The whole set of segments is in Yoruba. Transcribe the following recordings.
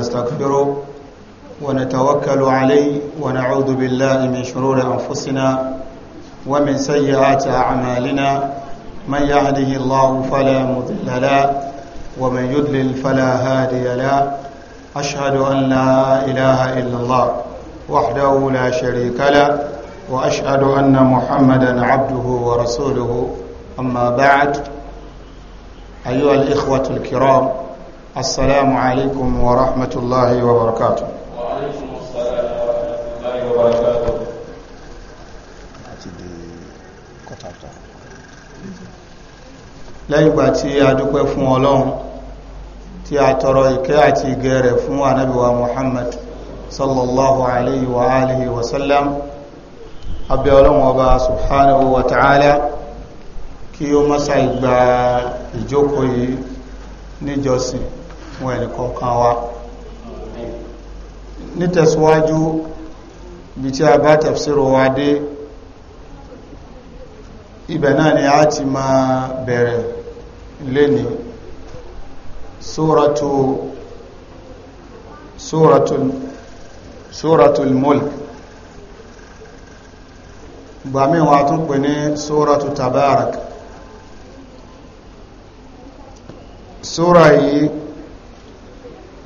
ونستغفره ونتوكل عليه ونعوذ بالله من شرور أنفسنا ومن سيئات أعمالنا من يعده الله فلا مضل له ومن يضلل فلا هادي له أشهد أن لا إله إلا الله وحده لا شريك له وأشهد أن محمدا عبده ورسوله أما بعد أيها الإخوة الكرام السلام عليكم ورحمة الله وبركاته وعليكم السلام ورحمة الله وبركاته lẹ́yìn ìgbà tí a dúpẹ́ fún ọlọ́run tí a tọrọ ìkẹ́ àti ìgẹ́ rẹ̀ fún ànábìwa Muhammad sallallahu alayhi wa alihi wa sallam abẹ́ ọlọ́run ọba subhanahu wa ta'ala kí ó mọ́sá ìgbà ìjókòó yìí níjọsìn fún ẹnì kọ̀ọ̀kan wa nítẹ̀síwájú bí tí a bá tafsiru wa dé ibẹ̀ náà ni a ti máa bẹ̀rẹ̀ lẹ́ni suratu mulk gbàmí wa tún pè ní suratu tabarak sura yìí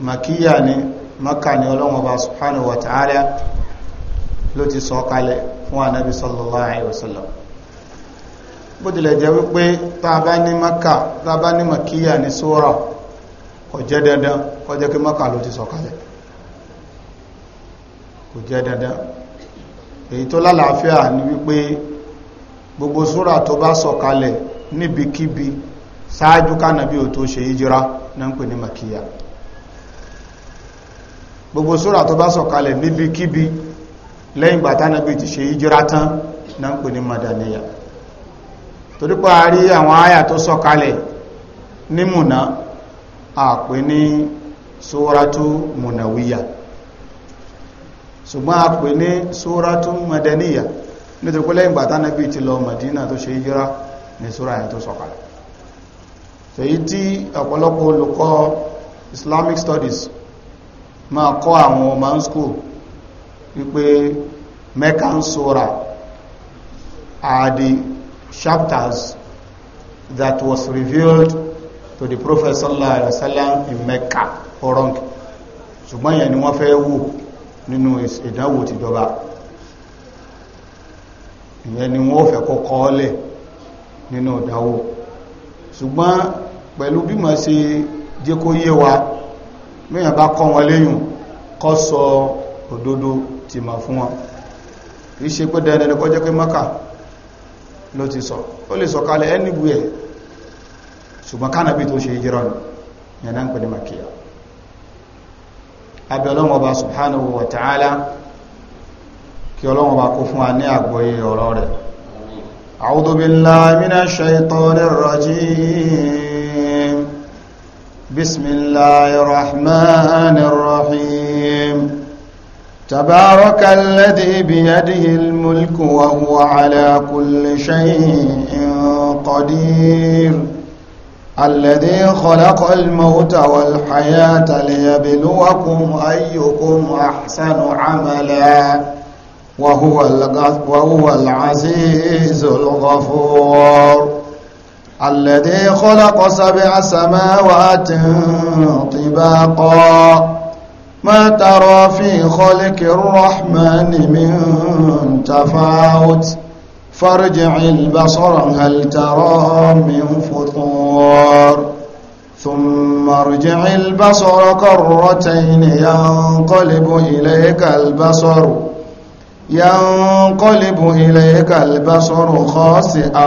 makiya ni maka ni ọlọ́run ọba subhanahu wa ta'ala ló ti sọ kalẹ̀ fún anabi sallallahu alayhi wa sallam bó tilẹ̀ jẹ́ wípé tá a bá ní maka tá a bá ní makiya ni sura kò jẹ́ dandan kó jẹ́ kí maka ló ti sọ kalẹ̀ kò jẹ́ dandan èyí tó lálàáfíà ni wípé gbogbo sura tó bá sọ kalẹ̀ níbikíbi sáájú kánàbí ò tó ṣe yíjira náà ń pè ní makiya gbogbo sóra tó bá sọ̀kalẹ̀ níbi kíbi lẹ́yìn gbàtánàbí ti ṣe ìjírá tán na ń pè ní madaniya torípa rí àwọn àyà tó sọ̀kalẹ̀ ní múná àpè ní sóratu múnàwíyà ṣùgbọ́n àpè ní sóratu madaniya nítorí lẹ́yìn gbàtánàbí ti lọ madina tó ṣe ìjírá ní sóra yẹn tó sọ̀kalẹ̀ èyí tí Islamic Studies máa kọ́ àwọn ọmọ ń skò wípé Meccan Surah are the chapters that was revealed to the Prophet sallallahu alaihi wasallam in Mecca orong ṣùgbọ́n yẹn ni wọ́n fẹ́ wò nínú ìdánwò tìjọba ìyẹn ni wọ́n fẹ́ kọ́kọ́ lẹ̀ nínú ìdánwò ṣùgbọ́n pẹ̀lú bí ma ṣe jẹ́ kó yé wa mẹ́yàn bá kọ́ wọn léyùn kọ́ sọ òdodo ti ma fún wọn kìí ṣe pé dandan ni kó jẹ́ pé mọ́kà ló ti sọ ó lè sọ kalẹ̀ ṣùgbọ́n kánàbí tó ṣe ìjírọ̀ ni yẹn náà ń pè wa ta'ala بسم الله الرحمن الرحيم تبارك الذي بيده الملك وهو على كل شيء قدير الذي خلق الموت والحياة ليبلوكم أيكم أحسن عملا وهو, وهو العزيز الغفور الذي خلق سبع سماوات طباقا ما ترى في خلق الرحمن من تفاوت فارجع البصر هل ترى من فطور ثم ارجع البصر كرتين ينقلب إليك البصر ينقلب إليك البصر خاسئا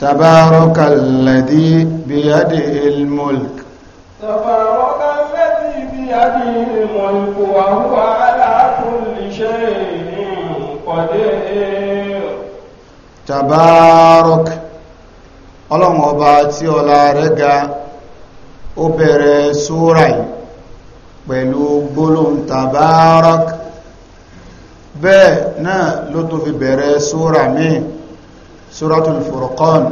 تبارك الذي بيده الملك تبارك الذي بيده الملك وهو على كل شيء قدير تبارك ọlọ́run ọba tí ọlá rẹ̀ ga ó bẹ̀rẹ̀ súra yìí pẹ̀lú gbólóhùn tabarak bẹ́ẹ̀ náà ló tó fi bẹ̀rẹ̀ súra míì suratul الفرقان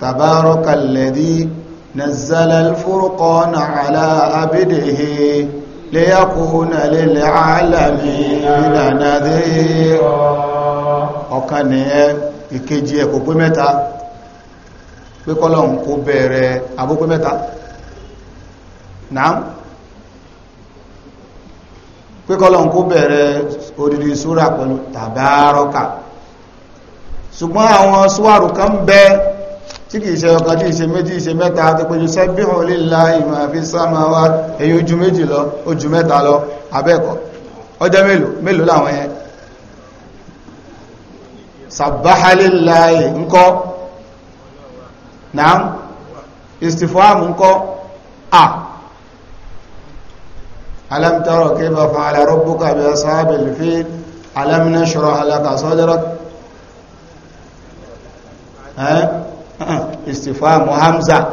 تبارك الذي نزل الفرقان على abdihi ليكون للعالمين nadhira ọ̀kan nìyẹn ìkejì ẹ̀ kò pé mẹ́ta pé kọ́lọ̀hún kó bẹ̀rẹ̀ àbúkú mẹ́ta náà pé kọ́lọ̀hún kó bẹ̀rẹ̀ odidi súra pẹ̀lú tàbárọ́kà ṣùgbọ́n àwọn súwárù kan bẹ tí kìí ṣe ọkà tí ìṣe méjì ìṣe mẹ́ta àti pẹ̀lú sẹ́bíhù lillahi ma fi samawa èyí ojú méjì lọ ojú mẹ́ta lọ abẹ́ẹ̀kọ́ ọjọ́ mélòó láwọn yẹn istifamu hamza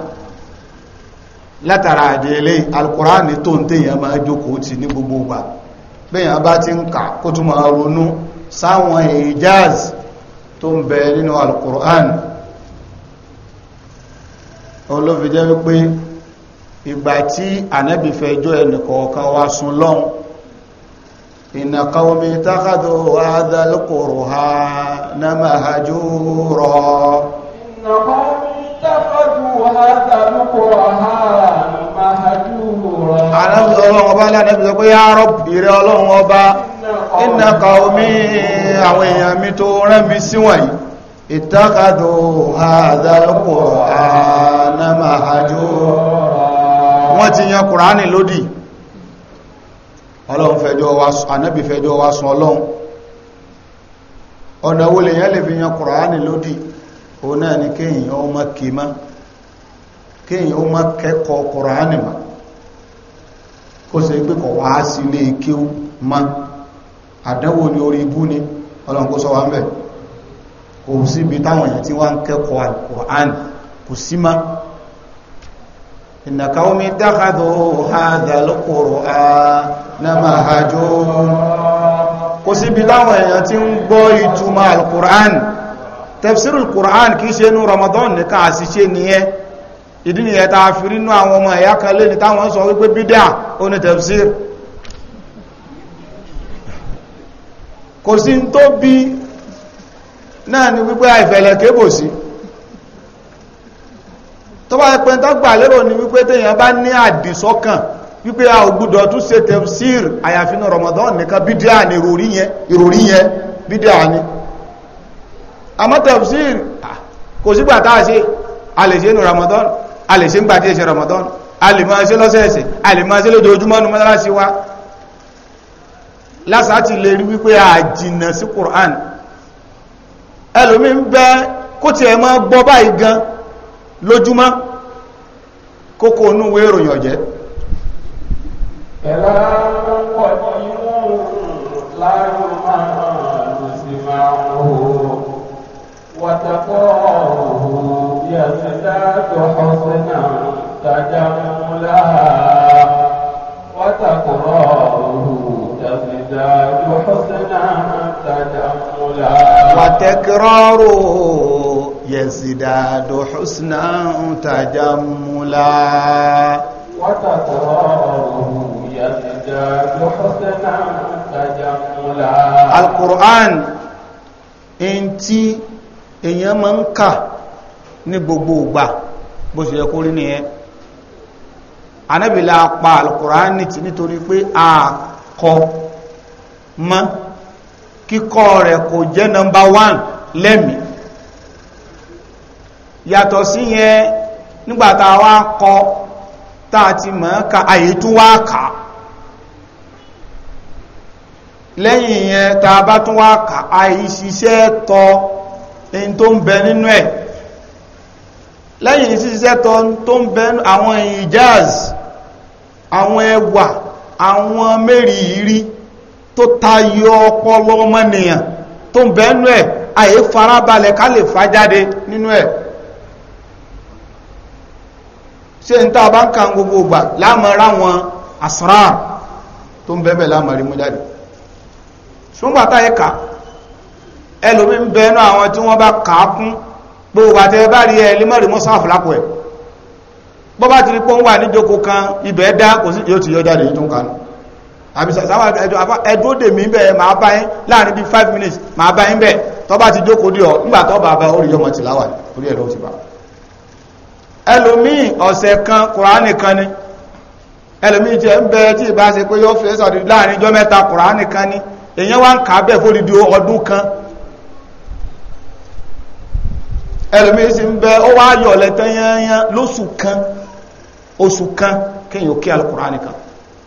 látara àdílé alkùránì tó ń tèyàn máa jókòó ti ní gbogbo ìgbà bẹ́yàn bá ti ń kà kó tún máa ronú sáwọn ìjáàz tó ń bẹ nínú alkùránì olófijẹ́ wípé ìgbà tí ànábìfẹ́jọ́ ẹnìkọ̀ọ̀kan wá sun lọ́hun إن قومي اتخذوا هذا القرآن مهجورا إن قومي اتخذوا هذا القرآن مهجورا على الله أبا لا يا رب يرى الله أبا إن قومي أوي متورا بسوي اتخذوا هذا القرآن مهجورا wọ́n ti yan kùránì ọlọ́run fẹjọ́ wa anábì fẹjọ́ wa sùn ọlọ́run ọ̀nà wo lè yẹn lè fi yan kùránì lódì òun náà ni kéèyàn ó má kì má kéèyàn ó má kẹ́kọ̀ọ́ kùránì má kó ṣe pé kọ̀ wá sí ilé kéwú má àdánwò ni orí ibú ni ọlọ́run kó sọ wá ń bẹ̀ kò síbi táwọn èèyàn tí wọ́n ń kẹ́kọ̀ọ́ kùránì kò sí má ìnàkàwọ́mi dákàdọ̀ hádàlùkùrọ̀ áá namahajun kò bí láwọn èèyàn tí ń gbọ́ ìtumọ̀ al-Qur'an tafsirul Qur'an kìí ṣe inú Ramadan nìkan àṣìṣe nìyẹn ìdí nìyẹn tá a fi àwọn ọmọ ẹ̀yà kan lé ní táwọn sọ wípé bídà ó ní tafsir kò sí tó bí náà ni wípé àìfẹ̀lẹ̀ kébò sí tó bá yẹ pé lérò ni wípé téèyàn bá ní àdìsọ́kàn wípé a ò gbúdọ̀ tún ṣe tefsir àyàfínà Ramadan nìkan bídíà ní ìròrí yẹn bídíà ní àmọ́ tefsir kò sígbà tá a ṣe a lè ṣe ní Ramadan a lè ṣe ń gbà tí Ramadan a lè máa ṣe lọ́sẹ̀ẹ̀sẹ̀ a lè máa ṣe lójoojúmọ́ ní mọ́sálásí wa lásàtì lè rí wípé a jìnà sí Qur'an ẹlòmí ń bẹ kó tiẹ̀ máa gbọ́ báyìí gan lójúmọ́ kókó inú ìwé ìròyìn ọ̀jẹ́ كلام قديم لا يمن سمعه وتقاه يزداد حسنا تجملا وتقراه تزداد حسنا تجملا وتكراره يزداد حسنا تجملا وتكراره يزداد حسنا تجملا القرآن èyàn ma ń kà ní gbogbo ìgbà bó ṣe yẹ kó rí nìyẹn anábìlà pa alukùránì tí nítorí pé a kọ mọ́ kíkọ́ rẹ̀ kò jẹ́ nọmbà 1 lẹ́mí yàtọ̀ sí yẹn nígbàtà wá kọ táà ti mọ̀ ọ́ ka àyè tún wá kà á lẹ́yìn yẹn tá a bá tún wá kà á ìṣiṣẹ́ tọ ẹni tó ń bẹ nínú ẹ̀ lẹ́yìn ìṣiṣẹ́ tọ tó ń bẹ àwọn ìjáàz àwọn ẹwà àwọn mẹ́rin ìrí tó tayọ ọpọlọ ọmọnìyàn tó ń bẹ nínú ẹ̀ àyè farabalẹ̀ ká lè fa jáde nínú ẹ̀ ṣé n tá a bá ń ka gbogbo ìgbà láàmọ́ ráwọn asrar tó ń bẹ́ẹ̀ bẹ́ẹ̀ láàmọ́ rí mú jáde ṣùgbọ́n táyé kà ẹlòmí ń bẹ náà àwọn tí wọ́n bá kà á kún gbogbo àtẹ bá rí ẹ límọ̀rí mọ́ sáà fúlápọ̀ ẹ̀ bọ́ rí pé ń wà five minutes máa bá yín bẹ́ẹ̀ tó bá ti jókòó dì ọ́ nígbà tó bá ẹ̀ ẹlòmíì ọ̀sẹ̀ kan kùránì kan ni ẹlòmíì jẹ́ ń bẹ tí ìbá ṣe pé yóò fẹ́ sọ̀rọ̀ láàrin ijọ́ mẹ́ta kùránì kan ni èyàn wá ń kà á bẹ̀ fódìdí ọdún kan ẹlòmíì sì ń bẹ ó wá yọ̀ lẹ́tẹ̀ yányán lóṣù kan oṣù kan kéèyàn ó kí alukùránì kan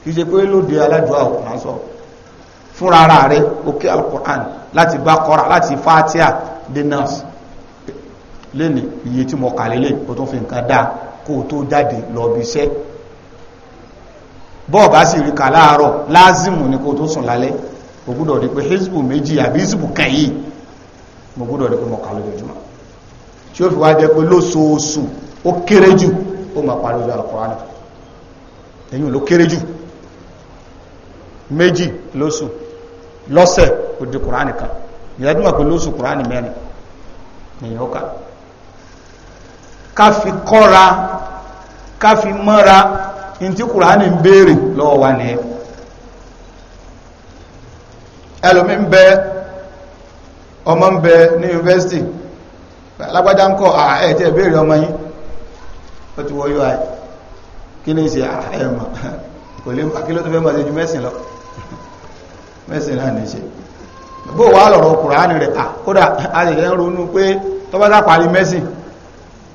kì í ṣe pé lóde aládùá òkùnrin sọ fúnra ara rẹ̀ ó láti bá kọ́ra láti fátíà dé lẹ́ni iye tí mọ̀ kàlélẹ̀ o tó fi nǹkan dáa kó tó jáde lọ bí iṣẹ́ bọ́ọ̀bá sì rí kà láàárọ̀ láàzìmù ní kó tó sùn lálẹ́ mo gbọ́dọ̀ pé hezbo méjì àbí hezbo kẹ̀yì mo gbọ́dọ̀ rí pé mọ̀ kà lójoojúmọ́ tí ó fi wá jẹ́ pé lóṣooṣù ó kéré jù ó máa parí ojú Al-Kùránì èyí kereju meji losu méjì lóṣù lọ́sẹ̀ ó mẹ́rin nìyẹn ó ká fi kọ́ra ká fi mọ́ra in tí kùránì ń béèrè lọ́wọ́ wa nìyẹn ẹlòmí ń bẹ ọmọ ń bẹ ní yunifásitì alágbádá ń kọ́ àẹ̀tẹ́ ìbéèrè ọmọ yín ó ti wọ yóò àì kí ní ṣe àẹ̀mọ̀ kò lè kí ló tó fẹ́ mọ̀ sí ju mẹ́sìn lọ mẹ́sìn náà ní ṣe bó wà kùránì rẹ̀ kódà a lè ronú pé tọ́bátà parí mẹ́sìn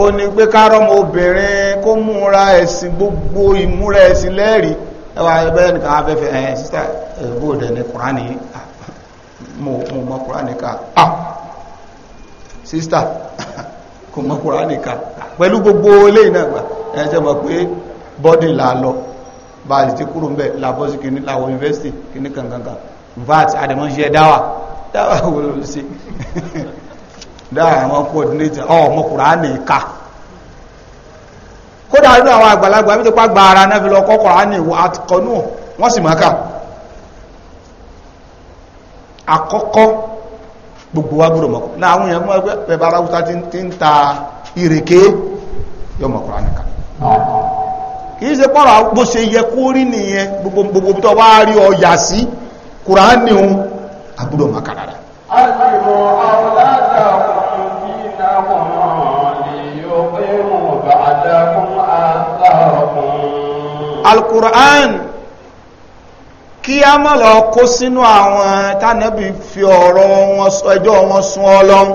ó ní pé kárọ́mù obìnrin kó múra ẹ̀sìn gbogbo ìmúra ẹ̀sìn lẹ́rìí ẹwà ẹgbẹ́ nìkan afẹ́fẹ́ ẹ̀ sísá ẹ̀bọ́ọ̀dẹ̀ ní kùránì mo mọ kùránì ká sísá kò mọ kùránì ká pẹ̀lú gbogbo eléyìí náà gbà ẹ̀ṣẹ̀ mọ̀ pé bọ́dì là lọ bá ti kúrò mbẹ̀ làbọ́sí làwọ̀ yunifásitì kìíní kankankan vat àdèmọ́ṣẹ́ dáwà dáwà wọlé sí dáhà àwọn coordinator ọmọ kùránì ká kódà nínú àwọn àgbàlagbà bí pa gba ara náà fi lọ kọ́ kùránì àkọ́nù wọ́n sì máa kà àkọ́kọ́ gbogbo wa ẹgbẹ́ ti ń ta ìrèké kùránì ká gbogbo alukur'an kí a má lọ kó sínú àwọn tánàbí fi ọ̀rọ̀ wọn ẹjọ́ wọn sún ọlọ́run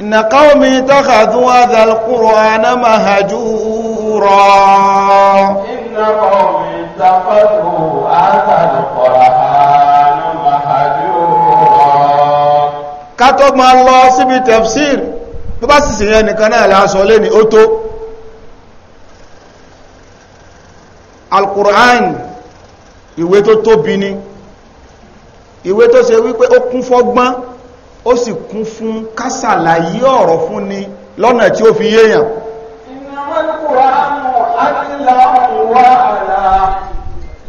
inna qawmi takhadhu hadha al-qur'ana mahjura inna qawmi takhadhu hadha al-qur'ana mahjura ká tó máa lọ síbi tafsir tó bá sì tó alkùrán ìwé tó tóbi ni ìwé tó ṣe wípé ó kún fọ́gbọ́n ó sì kún fún kásàlàyé ọ̀rọ̀ fún ni lọ́nà tí ó fi yéèyàn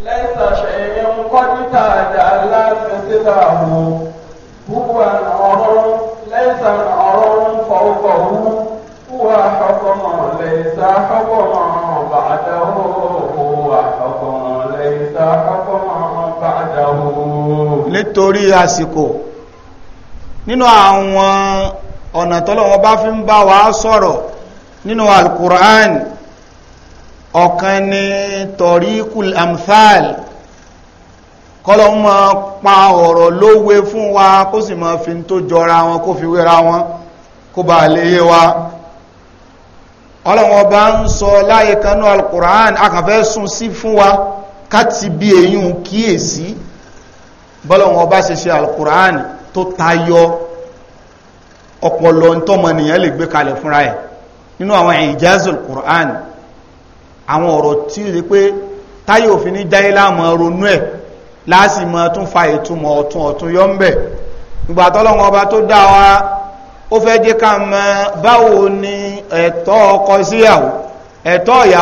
Lẹ́sàṣẹ̀yìn kọ́ títà àjà aláàrẹ̀ sílẹ̀ àwọn nítorí àsìkò nínú àwọn ọ̀nà tọ́lọ́wọ́n bá fi ń bá wa sọ̀rọ̀ nínú alukur'an ọ̀kan ni tọ̀ríkul amthal kọ́lọ́ ń máa pa ọ̀rọ̀ lówe fún wa kó sì máa fi tó jọra wọn kó fi wéra wọn kó bá lè yé wa ọlọ́wọ́n bá ń sọ láyé kanú alukur'an a sún sí fún wa ká bí èyí ń kíyèsí. Si bọ́lọ̀wọ̀n ọba ṣe ṣe alkùránì tó tayọ ọpọlọ tọ́mọnìyàn lè gbé kalẹ̀ fúnra ẹ̀ nínú àwọn ìjázùl kùránì àwọn ọ̀rọ̀ tí ó rí pé táyé òfin ní jáyé láàmọ́ ronú ẹ̀ láàsì mọ́ tún fa ìtumọ̀ ọ̀tún ọ̀tún yọ́ ń bẹ̀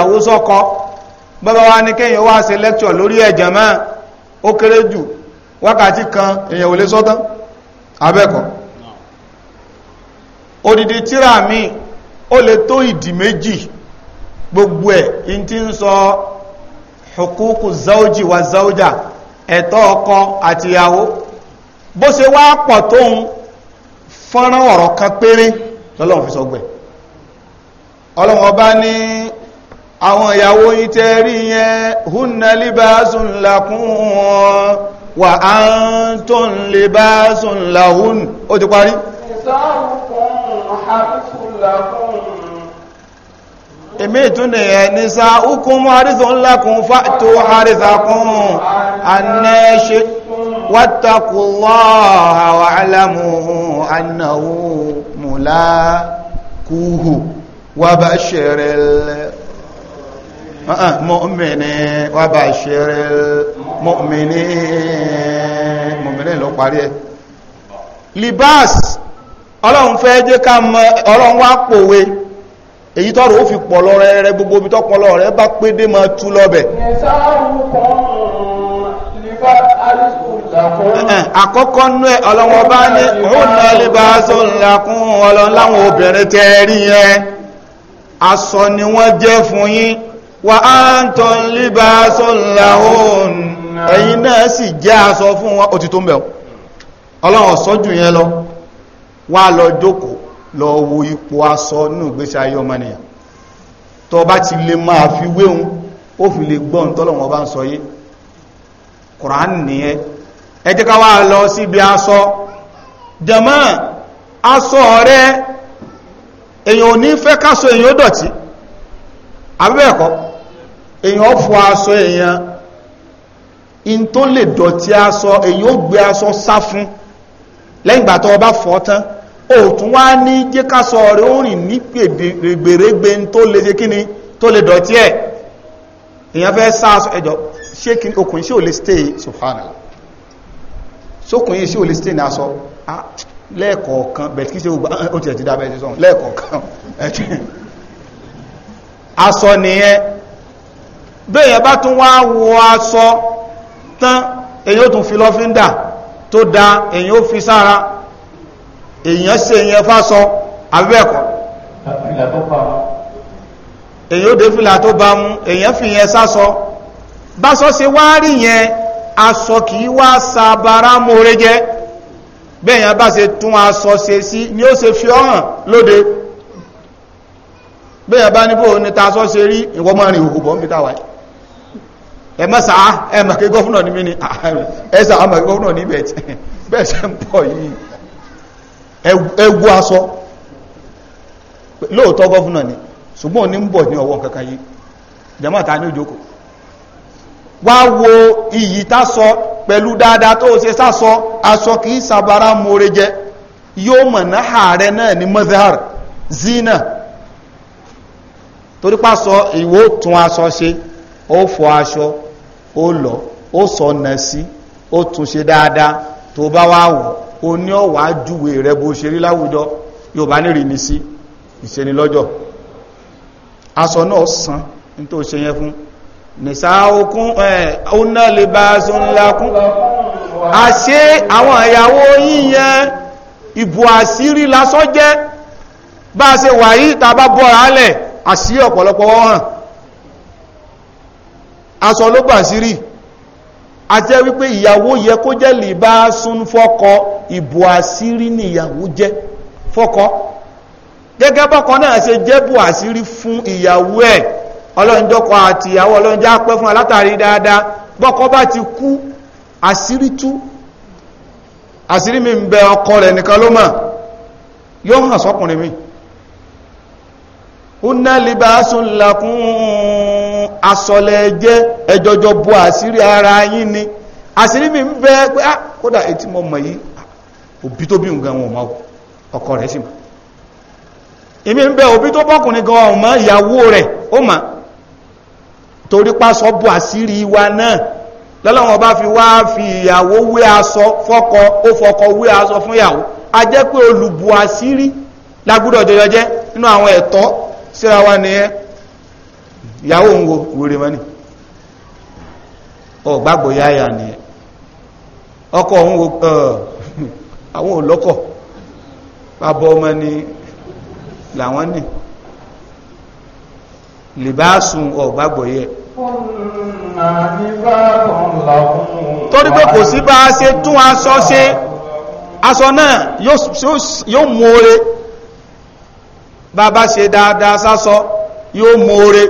wa ó wa ní kéèyàn wá ṣe lẹ́kṣọ̀ ó kéré jù wákàtí kan èyàn ò lè sọ́tán abẹ́kọ̀ odidi tíra mi ó lè tó ìdí méjì gbogbo ẹ̀ in ti ń sọ hukuku zaoji wa zaoja ẹ̀tọ́ ọkọ àti ìyàwó bó ṣe wá pọ̀ tóun fọ́nrán ọ̀rọ̀ kan péré lọ́lọ́run fi sọgbẹ̀ ọlọ́run ọba ní àwọn ìyàwó yìí tẹ́ yẹn húnnà wà á ń tó ń lè bá sùn làhún ó ti parí èmi ìtúnlẹ̀ ẹ̀ ní sá ukùn mú àrísọ̀ ńlá kún fàtó anẹ́ṣe wátàkùlọ́ha wà álámù annáwó mùlákúhù wà bá mọ́mìnì wà bá ṣẹ̀rẹ̀ mọ̀mìnì mọ̀mìnì ló parí ẹ̀ libas ọlọ́run fẹ́ jẹ́ ká mọ ọlọ́run wá pòwe èyí tọ́rọ ó fi pọ̀ lọ́rẹ́ rẹ gbogbo ibi tọ́pọlọ rẹ bá pé dé máa tú lọ́bẹ̀ àkọ́kọ́ nú ẹ ọlọ́wọ́ bá ní ọ̀nà libasó ńlá kún ọlọ́láwọn obìnrin tẹ́ rí yẹn aṣọ ni wọ́n jẹ́ fún yín wà á ń tọ́ libasó ńlá òun ẹ̀yin náà sì jẹ́ aṣọ fún wọn ó ti tó ń bẹ̀ ọlọ́run ọ̀sọ́jù yẹn lọ wá lọ jókòó lọ wo ipò aṣọ nínú ìgbésí ayé ọmọnìyàn tó bá ti lè máa fi wéhun ó fi lè gbọ́n tọ́lọ̀wọ́n bá ń sọ yé Qur'an nìyẹn ẹ jẹ́ ká wá lọ síbi aṣọ jẹ̀mọ́ aṣọ rẹ èyàn ò ní fẹ́ káṣọ èyàn ó dọ̀tí àbẹ́ẹ̀kọ́ èyàn ó fọ aṣọ èyàn in tó lè dọ̀tí aṣọ èyí ó gbé aṣọ sá fún lẹ́yìn ìgbà tó bá fọ̀ tán ó tún wá ní jẹ́ káṣọ rẹ̀ ó rìn ní gbèrègbè tó lè ṣe kíni tó lè dọ̀tí ẹ̀ èyàn fẹ́ sá aṣọ ẹ̀jọ̀ ṣé kí okùn ṣé ò lè stay subhanallah sókùn yìí ṣé lè stay ní aṣọ lẹ́ẹ̀kọ̀ọ̀kan bẹ̀tí kí ṣe ó ti ẹ̀ ti tán èyí ó tún fi lọ́fíńdà tó da èyí ó fi sára èyàn ṣe yẹn fásọ abẹ́ẹ̀kọ́ èyí ó dé fìlà tó bá mú èyàn fi yẹn sásọ básọ ṣe wá rí yẹn aṣọ kì í wá sabara mórè jẹ́ bẹ́ẹ̀yàn bá ṣe tún aṣọ ṣe sí ni ó ṣe fi ọ̀hàn lóde bẹ́ẹ̀yàn bá níbò ní ta aṣọ ṣe rí ìwọ́n mọ́rin òkùnbọ̀n fi Emesa má sàá kí gọ́fúnà ní ni ah, ẹ sàá kí gọ́fúnà ní bẹ̀ bẹ́ẹ̀ ṣe ń pọ̀ yìí aṣọ lóòótọ́ ni ṣùgbọ́n ní ń bọ̀ ní ọwọ́ kankan yìí wo iyì sọ pẹ̀lú dáadáa tó ṣe aṣọ kì í Sabara mọ́re jẹ yóò mọ̀ ààrẹ náà ní zina tún aṣọ ṣe ó fọ aṣọ ó lọ ó sọ ọ̀nà sí ó tún ṣe dáadáa tó bá wá wọ̀ ó ní ọ̀wá júwe rẹ bó ṣe rí láwùjọ yóò bá nírì ní sí ìṣenilọ́jọ́ aṣọ náà san ní tó ṣe yẹn fún nìsáàkún ẹ̀ ọ̀nà lè bá aṣọ ńlá kún àwọn ìyàwó yíyan ìbò àṣírí lásán jẹ́ bá a ṣe wà yí tàbá bọ́ra lẹ̀ àṣírí ọ̀pọ̀lọpọ̀ wọ́n hàn asọ ló bà sí rí wípé ìyàwó yẹ kó jẹ́ lè bá sún fọ́kọ ìbò àṣírí ni ìyàwó jẹ́ fọ́kọ gẹ́gẹ́ bọ́kọ náà ṣe jẹ́bù bò fún ìyàwó ẹ̀ ọlọ́njọ́kọ àti ìyàwó ọlọ́njọ́ fún alátàrí dáadáa bọ́kọ bá ti kú àṣírí tú ọkọ rẹ̀ nìkan ló mọ̀ yóò hàn sọ́kùnrin mi ó ná asọ̀lẹ̀ jẹ́ ẹjọjọ bu àṣírí ara yín ni àṣírí mi ń pé ah, kódà mọ̀ yìí ah, òbí tó bí wọn rẹ̀ ń òbí tó bọ́kùnrin gan ma ìyàwó rẹ̀ ó ma torí pásọ bu àṣírí wa náà lọ́lọ́wọ́n bá fi fi ìyàwó wé aṣọ fọ́kọ ó fọkọ wé aṣọ fún ìyàwó a jẹ́ pé àṣírí lágbúdọ̀ ìyàwó ń wo wèrè mọ́ ni ọ gbàgbọ́ yáyà ni ọkọ ń wo àwọn olọ́kọ̀ pàbọ ọmọ ni làwọn ni lè bá sùn ọ gbàgbọ́ yẹ torí pé kò sí bá ṣe tún aṣọ ṣe aṣọ náà yóò mú oore bá bá ṣe dáadáa sásọ yóò mú oore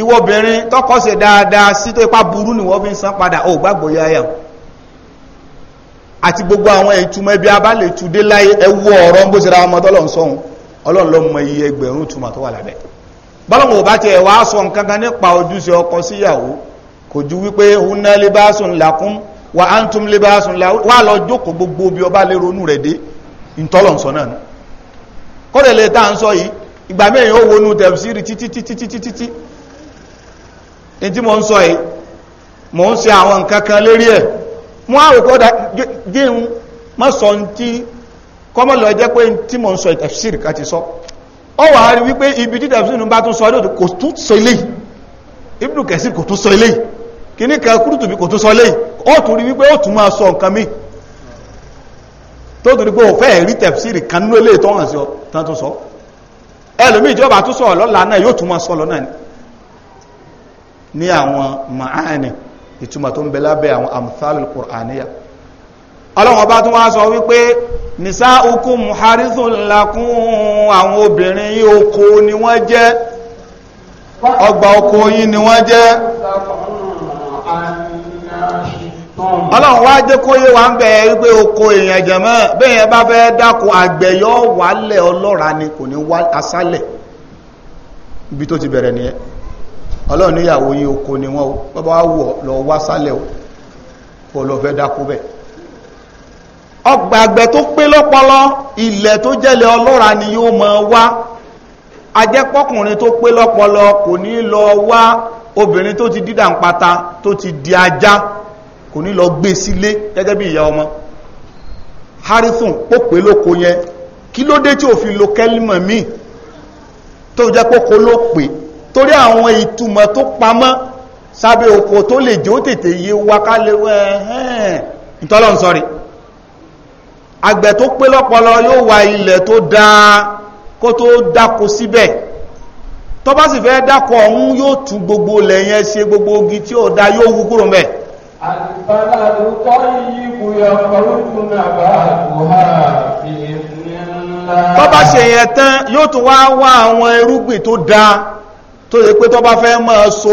ìwọ́bìnrin tọ́kọ́ sí dáadáa sí tó ipá burú ni wọ́n fi ń san padà ó gbàgbọ́ yáyà àti gbogbo àwọn ìtumọ̀ ẹbí abálẹ̀ ìtúdé láyé ẹwú ọ̀rọ̀ ń gbóṣẹ́ra ọmọ tọ́lọ̀n sọ́hun ọlọ́run ló mọ iye ẹgbẹ̀rún ìtumọ̀ tó wà lábẹ́ bọ́lọ́mù bá ti ẹ̀wà lakum wa antum libasun lahun wà lọ jókòó gbogbo bí ọba lè ronú rẹ̀ dé ìtọ́lọ̀n sọ náà kọ́rẹ̀lẹ̀ tá à ń sọ ìgbà mẹ́rin ó wọnú tẹ̀síìrì títí títí títí ní tí mo ń sọ yìí mo ń ṣe àwọn nǹkan kan lérí ẹ̀ mo á òkú ọ̀dà géun má sọ ní tí kọ́mọ̀lọ́ jẹ́ pé tí mo ń sọ ìtafsírì ká ti sọ ọ wà á rí wípé ibi tí tafsírì bá tún sọ lóòtú kò tún sọ eléyìí Ibnu Kasir kò tún sọ eléyìí kíní kan Qurtubi kò tún sọ eléyìí ó tún rí wípé ó tún máa sọ nǹkan míì tó torí pé òfẹ́ rí tẹ̀fsìrì kan ní olè tó hàn sí ọ ìjọba tó sọ lọ́la náà yóò túnmọ̀ sọ lọ́nà ní àwọn ma'ani ìtumọ̀ tó ń bẹ lábẹ́ àwọn amthalul qur'aniya ọlọ́wọ́n bá tún wá sọ wípé nisa'ukum harithun lakum àwọn obìnrin yìí oko ni wọ́n jẹ́ ọgbà oko yìí ni wọ́n jẹ́ ọlọ́run wá jẹ́ kó yé ń bẹ wípé oko èèyàn jẹ̀mọ́ bẹ́yẹn bá fẹ́ dáko àgbẹ̀yọ́ wálẹ̀ ọlọ́ra ni kò ní wá asálẹ̀ ibi tó ti bẹ̀rẹ̀ ọlọ́run níyàwó yí oko ni wọ́n bọ́bá wọ̀ lọ wá sálẹ̀ kò lọ fẹ́ dákú bẹ̀ ọgbàgbẹ́ tó pé lọ́pọlọ ilẹ̀ tó jẹ́lẹ̀ ọlọ́ra ni yóò mọ wá ajẹ́pọ́kùnrin tó pé lọ́pọlọ kò ní lọ wá obìnrin tó ti dídà ń pata tó ti di ajá kò ní lọ gbé sílé gẹ́gẹ́ bí ìyá ọmọ harrison ó pé lóko yẹn kí ló dé tí ò lo kẹ́límọ̀ míì tó jẹ́ pé ló pè é torí àwọn ìtumọ̀ tó pamọ́ sábẹ́ oko tó lè jẹ́ ó tètè yé wakalẹ́wẹ́ ẹ̀hẹ́n ìtọ́lọ́n sọ́rí àgbẹ̀ tó pé lọ́pọlọ yóò wá ilẹ̀ tó dáa kó tó dáko síbẹ̀ tó bá sì fẹ́ dáko ọ̀hún yóò tún gbogbo lẹ́yìn ṣe gbogbo ogi tí ó dá yóò wú kúrò mẹ́ tó ṣe yẹn tán yóò tún wá wá àwọn irúgbìn tó dáa tó yẹ pé tó bá fẹ́ máa so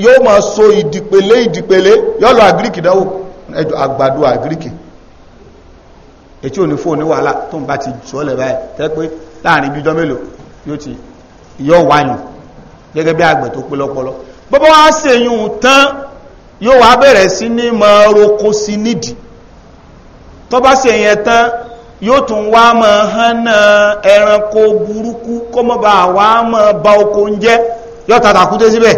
yóò máa so ìdìpele ìdìpele yóò lọ àgíríkì dánwò àgbàdo àgíríkì ètí ò ní fún òní wàhálà tó ń bá ti sọ́lẹ̀ báyìí tẹ́ pé láàrin ibi ọjọ́ mélòó yóò ti yọ wáyùn gẹ́gẹ́ bí àgbẹ̀ tó pé yóò tún wá mọ̀ hánà ẹranko burúkú kọmọba wá mọ̀ bá oko ń jẹ́ yóò ta síbẹ̀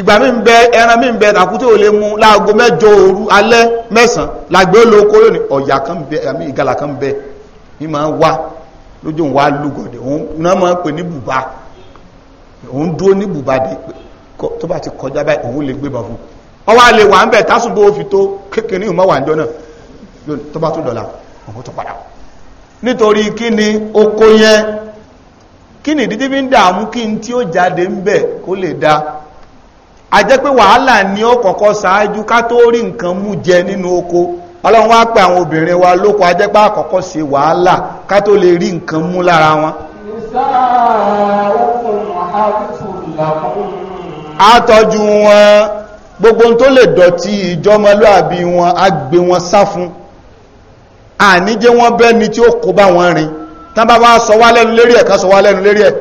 ìgbà mí ń bẹ ẹran mí ń bẹ tàkúté ò lè mú láago mẹ́jọ òru alẹ́ mẹ́sàn lágbé olóko ọ̀yà kan bẹ àmì ìgalà kan bẹ ní máa wá lójú wá lúgọ̀dẹ̀ òun náà máa ń ní bùbá kọjá nitori tó padà nítorí kí ni oko yẹn kí ni didi bi ń dààmú kí n tí ó jáde ń bẹ̀ kó da a jẹ́ pé wàhálà ni ó kọ́kọ́ ká tó rí nǹkan mú jẹ nínú oko ọlọ́run wá pé àwọn obìnrin wa lóko a jẹ́ pé àkọ́kọ́ ṣe wàhálà ká tó lè rí nǹkan mú lára wọn àtọ́jú wọn gbogbo tó lè dọ̀tí wọn á gbé wọn sá fún àníjẹ́ wọ́n bẹ́ ni tí ó kò bá wọn rìn tán bá wá sọ wá lẹ́nu lérí ẹ̀ ká sọ wá lẹ́nu lérí ẹ̀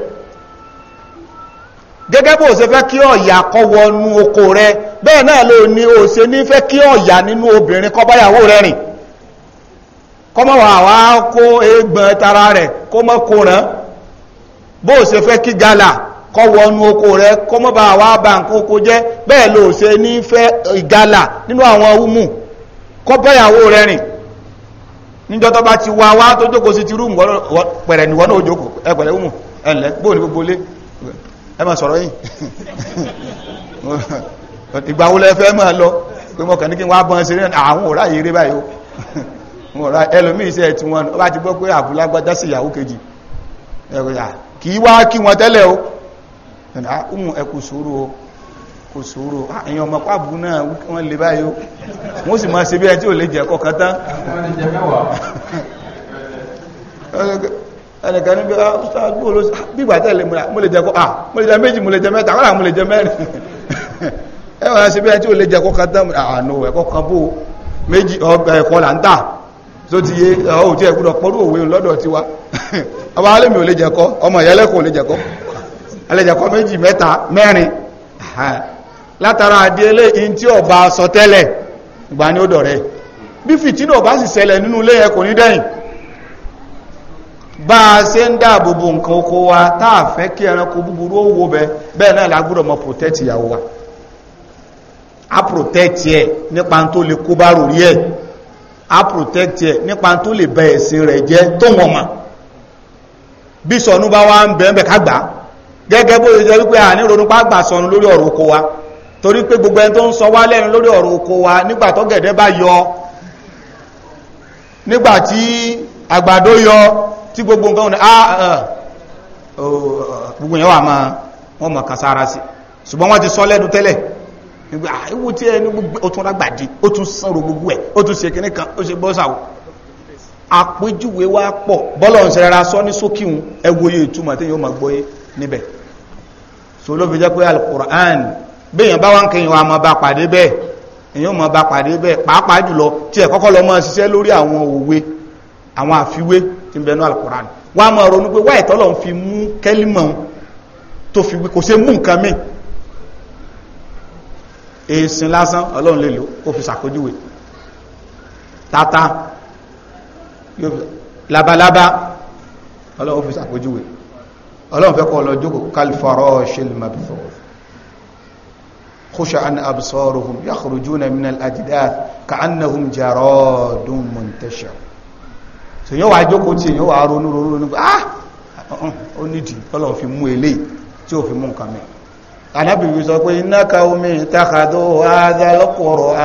gẹ́gẹ́ bó ṣe fẹ́ kí ọ̀yà kó wọnú oko rẹ bẹ́ẹ̀ náà ló ní ó ṣe ní fẹ́ kí ọ̀yà nínú obìnrin kó báyàwó rìn wà wá kó egbọn tara rẹ̀ kó mọ́ kó rán bó ṣe fẹ́ níjọ́ tó bá ti wá wá tó jókòó sí ti rúùmù pẹ̀rẹ̀ níwọ́n náà jókòó ẹ̀pẹ̀rẹ̀ rúùmù ẹ̀lẹ́ bóò ní gbogbo lé ẹ máa sọ̀rọ̀ yìí ìgbà wo lẹ́fẹ́ máa lọ pé mọ̀kàn ní kí wọ́n á bọ́n ah, ṣe rí àwọn ọ̀rá kò sòrò èyàn ah, ọmọ pàbù náà wọ́n lè báyìí wọ́n sì máa ṣe bí ẹ tí ò lè jẹ kọ̀ọ̀kan tán ẹnìkan ní ah, ah, bí i ọ̀sán gbígbà tẹ́lẹ̀ mo lè jẹ kọ́ à mo lè jẹ méjì mo lè jẹ mẹ́ta kọ́lá mo lè jẹ mẹ́rin ẹwà ṣe bí ẹ tí ò lè jẹ kọ́kan tán àánú ẹ̀kọ́ kan bó méjì ẹ̀kọ́ là ń tà tó ti yé ọ̀ tí ẹ̀kúrọ̀ pọ̀rú òwe lọ́dọ̀ tiwa ọba alẹ́mi ò lè jẹ kọ́ ọmọ ìyálẹ́kùn ò lè jẹ kọ́ alẹ́jẹ̀kọ́ méjì mẹ́ta mẹ́rin látara àdíélé in tí ọba sọ tẹ́lẹ̀ ìgbà ní ó dọ̀rẹ́ bí fìtínà ọba sì sẹlẹ̀ nínú ilé kò ní dẹ́yìn bá a ṣe ń dáàbòbò nǹkan oko wa táà fẹ́ kí ẹranko búburú ó wo bẹ bẹ́ẹ̀ náà lágbúrọ̀ mọ̀ protect ìyàwó wa a protect ẹ nípa tó lè kó bá rò rí ẹ a ẹ nípa tó lè bẹ ẹ̀sìn rẹ̀ jẹ́ tó wọ̀n mà bí sọ̀nù bá ń bẹ̀ẹ́ bẹ̀ ká gbà gẹ́gẹ́ bó ṣe jẹ́ wípé lórí ọ̀rọ̀ oko wa torí pé gbogbo ẹni tó ń sọ wá lẹ́nu lórí ọ̀rọ̀ oko wa nígbà tó gẹ̀dẹ̀ bá yọ nígbà tí àgbàdo yọ tí gbogbo nǹkan ní àà ah, ah, ah. gbogbo yẹn wà máa wọ́n mọ̀ kan sára sí ṣùgbọ́n wọ́n ti sọ lẹ́nu tẹ́lẹ̀ nígbà ewu tí ẹni gbogbo ó tún rágbàdì ó tún sọ̀rọ̀ gbogbo ẹ̀ wa pọ̀ bọ́lọ̀ ń ṣẹlẹ́ra sọ ní sókíhun ẹwòye ìtumọ̀ tí yóò máa gbọ́yé níbẹ̀ so ló fi jẹ́ pé alukur'an béèyàn bá wá ń kéèyàn àmọ́ bá pàdé bẹ́ẹ̀ èyàn mọ̀ bá pàdé bẹ́ẹ̀ pàápàá jùlọ tí ẹ̀ kọ́kọ́ lọ mọ́ ṣiṣẹ́ lórí àwọn òwe àwọn àfiwé tí ń bẹnu alukurani wá mọ̀ ronú pé wáyé tọ́lọ̀ ń fi mú kẹ́límọ̀ tó fi kò ṣe mú nǹkan mí èsìn lásán ọlọ́run lè lò ó fi ṣàkójúwe tata labalábá ọlọ́run fi ṣàkójúwe ọlọ́run fẹ́ kọ́ ọ lọ jókòó kálífọ́rọ́ ṣe lè má bí fọ́ọ̀fù خشعا أبصارهم يخرجون من الأجداث كأنهم جراد منتشر so yóò wá jókòó tí yóò wá ronú ronú ronú ah uh-uh. ó nídìí ọlọ́run fi mú eléyìí tí ó fi mú nǹkan mẹ́ alábìbí sọ pé iná ka omi ìtàkàdó adalọ́kọ̀rọ̀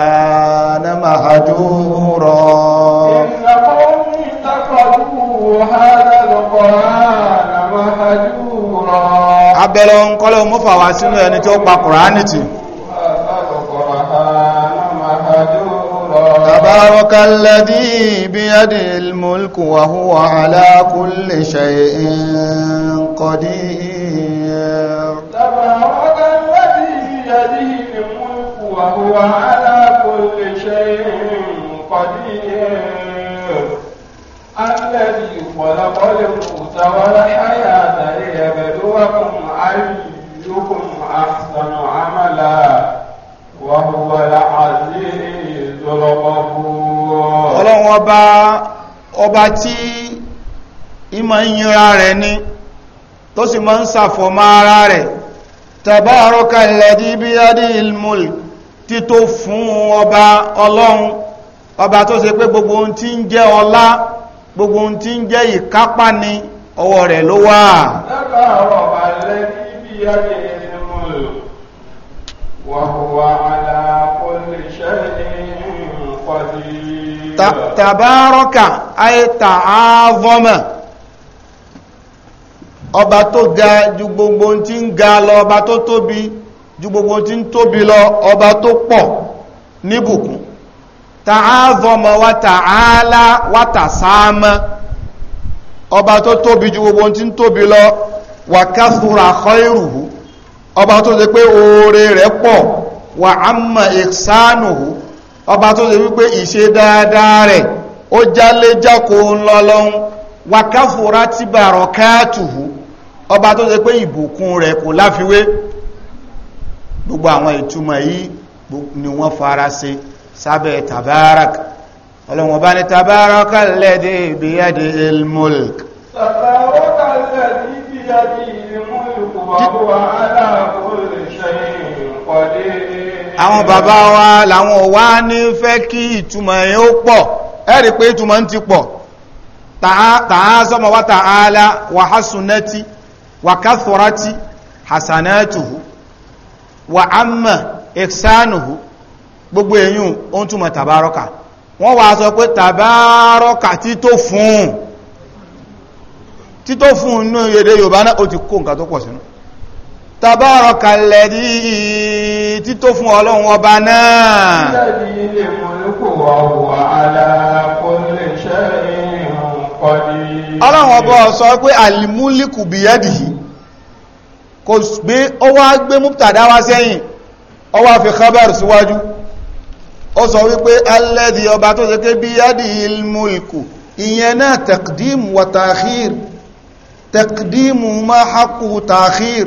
anamahadúrọ̀ iná ka omi ìtàkàdó adalọ́kọ̀rọ̀ anamahadúrọ̀ abẹ́lọ́ ń kọ́lọ́ mọ́fà wá sínú ẹni tó pa kùránìtì تبارك الذي بيده الملك وهو على كل شيء قدير تبارك الذي بيده الملك وهو على كل شيء قدير الذي خلق الموت والحياة ليبلوكم أيكم أحسن عملا وهو العزيز ọlọ́run ọba ọba tí ìmọ̀ ń yínra rẹ̀ ni tó sì máa ń sàfọ̀mọ́ ara rẹ̀ tabaraka alladhi biyadihil tí tó fún ọba ọlọ́run ọba tó ṣe pé gbogbo ohun tí ń jẹ́ ọlá gbogbo ohun tí ń jẹ́ ìkápá ní ọwọ́ rẹ̀ ló wà wa huwa ala kulli shay'in قدير تبارك أي تعاظم ọba tó ga ju gbogbo tí ń ga lọ ọba tó tóbi ju gbogbo tí ń tóbi lọ ọba tó pọ̀ níbùkún tààzọmọ wa tààlá wa tàsáàmọ́ ọba tó tóbi ju gbogbo tí ń tóbi lọ wà kásùrà khairuhu ọba tó ṣe pé oore rẹ̀ pọ̀ wà amma ihsanuhu ọba tó ṣe wípé ìṣe dáadáa rẹ̀ ó jálé jákò ńlọlọ́hún wàkáfòrá ti bàrọ̀ káàtùhù ọba tó ṣe pé ìbùkún rẹ̀ kò láfiwé gbogbo àwọn ìtumọ̀ yìí ni wọ́n fara ṣe sábẹ̀ tabarak ọlọ́wọ́n bá ní tabarak lẹ́dí ibi ilmulk tabarak àwọn bàbá wa làwọn wá ní fẹ́ kí ìtumọ̀ yẹn ó pọ̀ ẹ̀rí pé ìtumọ̀ ń ti pọ̀ tàá sọmọ wá tààlà wàhásùnẹ́tì wàkàtúrátì hasanatuhu wà ámà ìsánuhu gbogbo èyún ó ń túmọ̀ tàbárọ́kà wọ́n wá sọ pé tàbárọ́kà tító fún tabarakalladhi tító fún ọlọ́run ọba náà ọlọ́run ọba sọ pé alimuliku biyadihi kò gbé ó wá gbé múptàdá wá sẹ́yìn ó wá fi khabar síwájú ó sọ wípé alladhi ọba tó sẹ́kẹ́ biyadihi ilmuliku ìyẹn náà taqdim wa ta'khir taqdimu ma haqqu ta'khir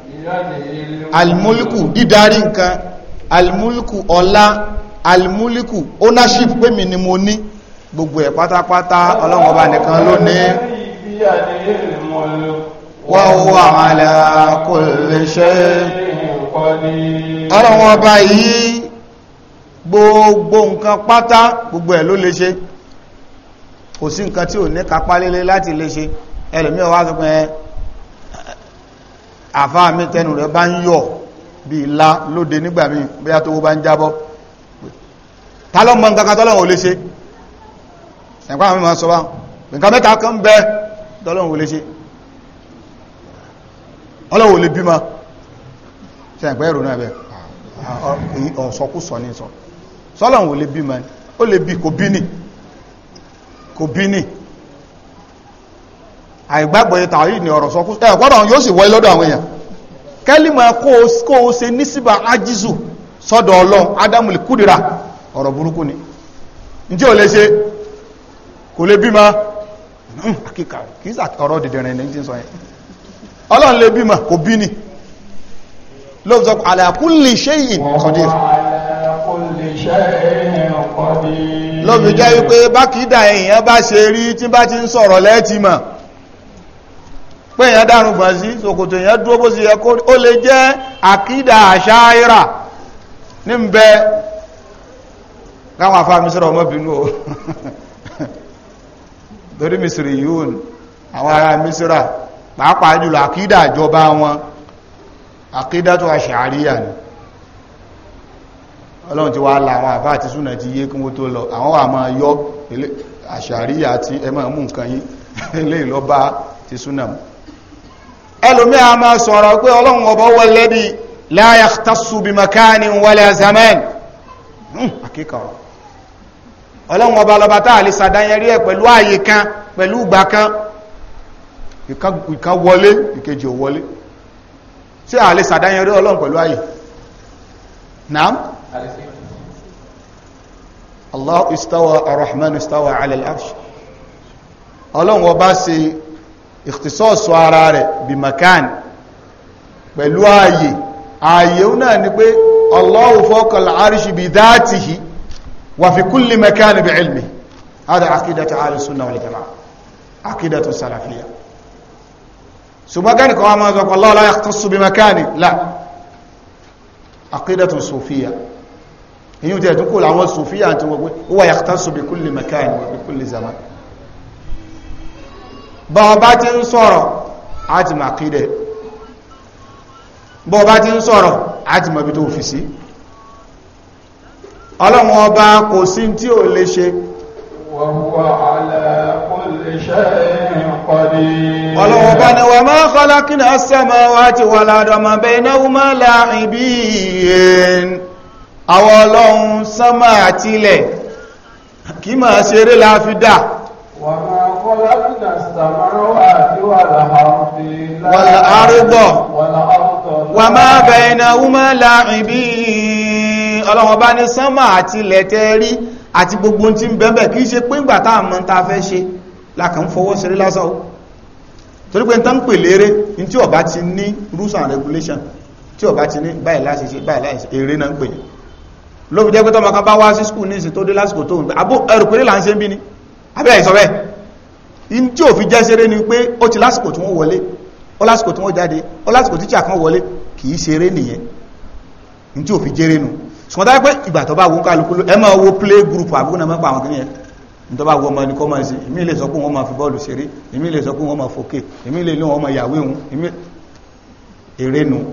almulku dídarí nǹkan almulku ọlá almulku ownership pé mi ni mo ní gbogbo ẹ̀ pátápátá ọlọ́run ọba nìkan ló ní wa huwa ala kulli shay'in qadir ọlọ́run ọba yìí gbogbo nǹkan pátá gbogbo ẹ̀ ló lè ṣe kò sí nǹkan tí ò ní kápá láti lè ṣe ẹlòmíọ̀ wá sọ pé àfáà mi tẹnu rẹ̀ bá ń yọ̀ bí ilá lóde nígbà míì bóyá tó bá ń jábọ́ tálọ́ mọ́ nǹkan kan tọ́lọ́run ò lè ṣe ẹ̀kọ́ àwọn mímọ̀ sọ bá nǹkan mẹ́ta kan bẹ tọ́lọ́run ó lè bí kò bí ní kò bí ní àìgbàgbọ́ yìí tààrí ní ọ̀rọ̀ sọ fún ẹ̀ gbọ́dọ̀ yóò sì wọlé lọ́dọ̀ àwọn èèyàn kẹ́límà kó o ṣe nísìbà ájísù sọ́dọ̀ ọlọ́run ádámù kúdìrà ọ̀rọ̀ burúkú ni ǹjẹ́ ò lè ṣe kò lè bímọ hmm, kíkà kìí sàtọ̀rọ̀ dìdẹ̀rẹ̀ ní jíǹsọ yẹn ọlọ́run ni ala èèyàn bá ṣe rí tí bá ti ń sọ̀rọ̀ mọ̀ pé èèyàn dárùn gbọ̀n sí ṣòkòtò èèyàn dúró bó ṣe yẹ kó ó lè jẹ́ àkídà àṣáírà ní ń bẹ láwọn afáàmì sọ̀rọ̀ ọmọbìnú o torí misiri yìí àwọn ará misira pàápàá jùlọ àkídà àjọba wọn àkídà tó àṣàríyà ni ọlọ́run ti wá la àwọn àfáà ti súnà ti yé kún tó lọ àwọn wà máa yọ àṣàríyà àti ẹmọ̀ mú nǹkan yí ilé ìlọ́bá ti súnà mú ẹlòmí a máa sọ̀rọ̀ pé ọlọ́run ọba wọlé bí la yakhtassu bi makanin wala zaman akíkọ̀ọ́ hmm, ọlọ́run ọba lọba tá a lè sàdáyẹrí ẹ̀ pẹ̀lú ààyè kan pẹ̀lú ìgbà kan ìkan wọlé ìkejì ò wọlé tí a lè sàdáyẹrí ọlọ́run pẹ̀lú ààyè naam allah istawa arrahman istawa ala arsh ọlọ́run ọba ṣe ìtìsọ́ọ̀sọ ara rẹ̀ bí makan pẹ̀lú ààyè ààyè náà ni pé Allahu fawqal arshi bi dhatihi wa fi kulli makan bi ilmi hada akidatu ahli sunna wal jamaa akidatu salafiyya ṣùgbọ́n kẹ́ni kan wá máa sọ Allahu la yakhtassu bi makani la wọ́n pé bọ́ọ̀bá ti ń sọ̀rọ̀ àti màkídẹ̀ bọ́ọ̀bá ti ń sọ̀rọ̀ àti mọ̀bí tó fi sí ọlọ́run ọba kò sí tí ò lè ṣe ọlọ́run ọba ni wà máa kọ́lá kí ní ọsẹ́mọ̀ wá ti wà ládọ́mọ̀ bẹ iná wúmọ́ láàrin bí àwọn ọlọ́run sánmà àti ilẹ̀ kí máa ṣeré láàfídà wà والأرض وما بينهما لاعبين ọlọ́run bá ní sánmà àti ilẹ̀ tẹ́ rí àti gbogbo tí ń bẹ̀bẹ̀ kìí ṣe pé ìgbà táà mọ́ ta fẹ́ ṣe lákàn fọwọ́ ṣeré lásán ó torí pé tán pè léré ní tí ọba ti ní rules and regulation tí ọba ti ní báyìí láti ṣe báyìí láti in tí ò fi jẹ́ ṣeré ni pé ó ti lásìkò tí wọ́n wọlé ó lásìkò tí wọ́n jáde ó lásìkò tí tíjà kan wọlé kìí ṣeré nìyẹn in tí ò fi jẹ́rẹ́ nu ṣùgbọ́n dájú pé ìgbà tó bá wo kálukú ẹ máa wo play group àbúkú náà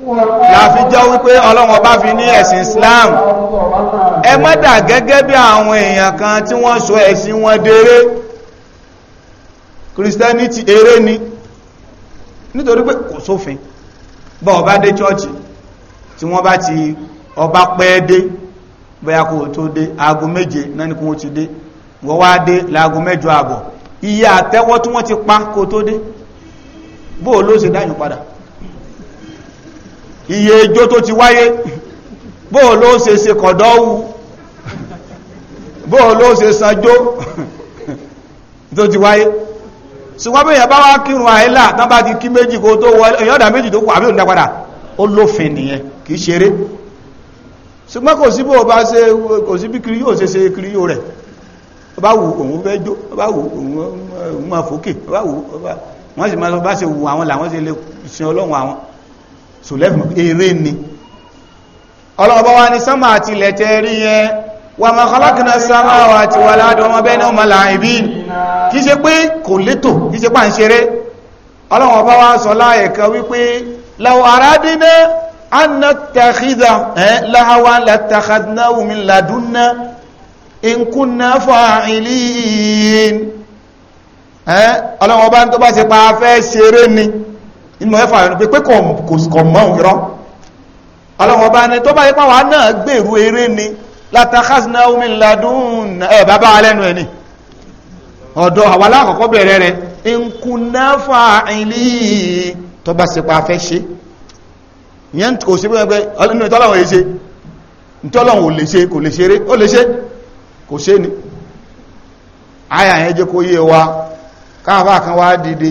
láfi jọ wípé ọlọ́wọ́n bá fi ní ẹ̀sìn Islam ẹ má dà gẹ́gẹ́ bí àwọn èèyàn kan tí wọ́n sọ ẹ̀sìn wọn déré Christianity eré ni nítorí pé kò sófin bọ́ ọba dé chọ́ọ̀chì tí wọ́n bá ti ọba pẹ́ dé bẹ́yà kò tó dé aago méje náà ní kí wọ́n ti dé wọ́n wá dé láago mẹ́jọ àbọ̀ iye àtẹ́wọ́ tí wọ́n ti pa kò tó dé bóò ló ṣe dáyìn padà iye ejó tó ti wáyé bóò ló ṣe ṣe kọ̀dọ́wù bóò ló ṣe sanjó tó ti wáyé ṣùgbọ́n bí èyàn bá wá kírun àìlà tán bá ti kí méjì kó tó wọ èyàn ọ̀dà méjì tó kù àbí òǹdà padà ó lófin nìyẹn kìí ṣeré ṣùgbọ́n kò sí bóò bá ṣe kò sí bí kiri yóò ṣe ṣe kiri yóò rẹ̀ bá wù òun fẹ́ jó bá wù òun máa fòkè bá wù wọ́n sì bá ṣe wù àwọn làwọn ṣe lè sin ọlọ́run àwọn so lẹ́fìmọ̀ eré ni ọlọ́ọ̀bá wa ni sánmà àti ilẹ̀ tẹ́ rí yẹn wà máa kọlákìnà sánmà àti wà ládùn ọmọ bẹ́ẹ̀ náà mọ́lá ìbí kí ṣe pé kò létò kí ṣe pà ń ṣeré ọlọ́ọ̀bá wa sọ tó bá ṣe pa afẹ́ ṣeré ni ìlú ẹ̀fà ẹ̀rùn pé kò kọ̀ mọ́ òwúrọ̀ ọlọ́wọ́ bá ní tó bá yẹ pàwọ́ náà gbèrú eré ni látàkásínà omi ladùn ẹ̀ bàbá alẹ́nu ẹ̀ ni ọ̀dọ̀ àwọn alákọ̀ọ́kọ́ bẹ̀rẹ̀ rẹ̀ nkùnáfà ìlí tó bá sepa fẹ́ ṣe ìyẹn kò sí pé ọlọ́nà ìtọ́lọ́wọ́ yìí ṣe ìtọ́lọ́wọ́ lè kan wá dìde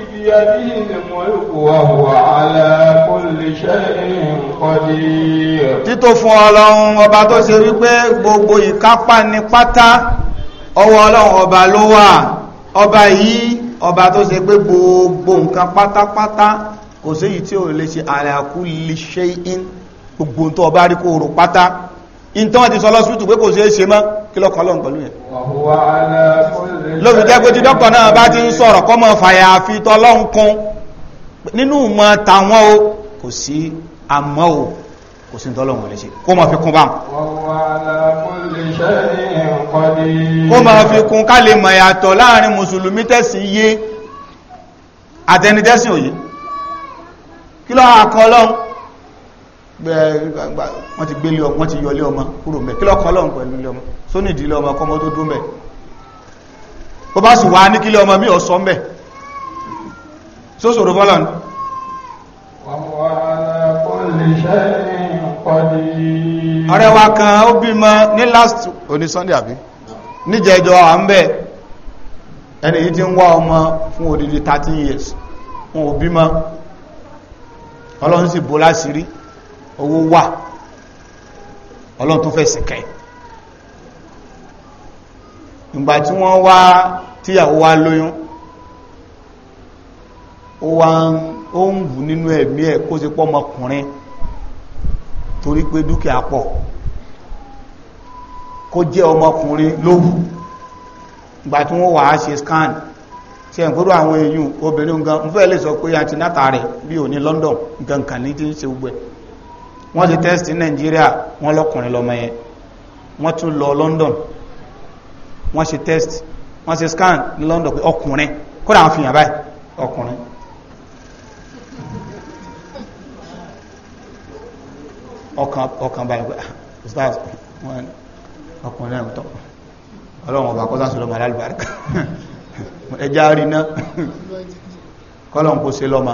بيده الملك وهو على كل شيء قدير tító fún ọlọ́run ọba tó ṣe wípé gbogbo ìkápá ní pátá ọwọ́ ọlọ́run ọba ló wà ọba yìí ọba tó ṣe pé gbogbo nǹkan pátápátá kò séyìí tí ò lè ṣe ala kulli shay'in gbogbo tó ọba rí kó rò pátá ìntọ́ ti sọ lọ́sùtù pé kò sí ṣe mọ́ kí lọ́kọ̀ lọ́n pẹ̀lú yẹn lóbi jẹ́ pé tí dọ́kọ̀ náà bá ti ń sọ̀rọ̀ kọ́ mọ́ fàyàfi tọ́lọ́n kún nínú mọ́ tàwọn o kò sí àmọ́ o kò sí tọ́lọ́n wọlé ṣe kó mọ́ fi kún bá kó mọ́ fi kún ká lè mọ̀ yàtọ̀ láàrin mùsùlùmí tẹ̀sìn yé àtẹnitẹ́sìn òye wọ́n ti gbélé ọmọ ti yọlé ọmọ kúrò mẹ́ kí lọ́kọ́ lọ́n pẹ̀lú ilé ọmọ sóní ìdílé ọmọ kọmọ tó dún mẹ́ ó bá sì wá ní kílé ọmọ mí ọ̀sọ́ mẹ́ sóṣòro fọ́lọ̀ ní ọ̀rẹ́ kan ó bímọ ní last oní Sunday àbí níjẹjọ à ń bẹ̀ ẹni yìí ti ọmọ fún odidi 13 years wọn ọlọ́run sì bó láṣìírí owó wà ọlọ́run tó fẹ́ sìnkẹ́ ìgbà tí wọ́n wá tíyàwó wá lóyún ó wá ó ń wù nínú ẹ̀mí ẹ̀ kó ṣe pọ́ ọmọkùnrin torí pé dúkìá pọ̀ kó jẹ́ ọmọkùnrin lówù ìgbà tí wọ́n wà á ṣe scan tí ẹ̀ ń kúrò àwọn èèyàn obìnrin gan fẹ́ lè sọ pé antinata rẹ̀ bí ò ní London gankan ní tí ń ṣe gbogbo wọ́n ti test ní Nàìjíríà wọ́n lọ́kùnrin lọ́mọ yẹn wọ́n tún lọ London wọ́n ṣe test wọ́n ṣe scan ní London pé ọkùnrin kódà wọ́n fi hàn báyìí ọkùnrin ọkàn ọkàn báyìí pé ah, stars wọn ọkùnrin náà tọ́ ọlọ́run ọba kọ́sá sọlọ́mọ alálùbáríkà ẹjá rí náà kọ́lọ́n kó ṣe lọ́mọ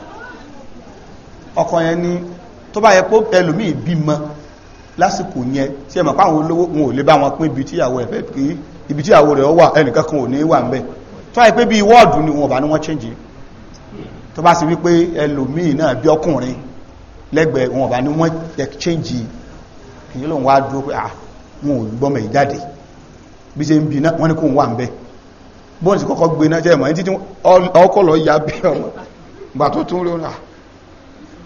ọkọ yẹn ní tó bá yẹ pé ẹlòmíì bímọ lásìkò yẹn tí ẹ mọ̀ pé àwọn olówó wọn ò lè bá wọn pín ibi tíyàwó ẹ̀ fẹ́ kí ibi tíyàwó rẹ̀ wà ẹnìkan kan ò ní wà ń bẹ̀ tó bá yẹ pé bíi wọ́ọ̀dù ni wọn ò bá ní wọ́n change tó bá sì wípé ẹlòmíì náà bí ọkùnrin lẹ́gbẹ̀ẹ́ wọn ò bá ní wọ́n exchange kìí lóun wá dúró pé ah ò gbọ́mọ̀ ìjáde bí ṣe ń bí náà wọ́n ní kó wà ń bẹ́ bọ́ọ̀sì kọ́kọ́ gbé náà jẹ́ ìmọ̀ títí ọkọ̀ lọ ya bí ọmọ gbà tó tún rí ọ̀nà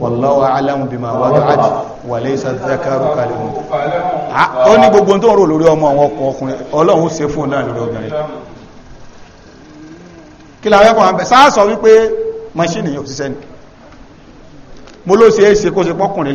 wallahu a'lamu bima wada'at wa laysa dhakaru kalihun ah, ó ní gbogbo tó ń rò lórí ọmọ àwọn ọkọ̀ ọkùnrin ọlọ́run ṣe fún náà lórí obìnrin kí la wẹ́kọ̀ àbẹ̀ sáàsọ wípé mọ́ṣínì yóò ṣiṣẹ́ ni mo ló ṣe é ṣe kó ṣe pọ́kùnrin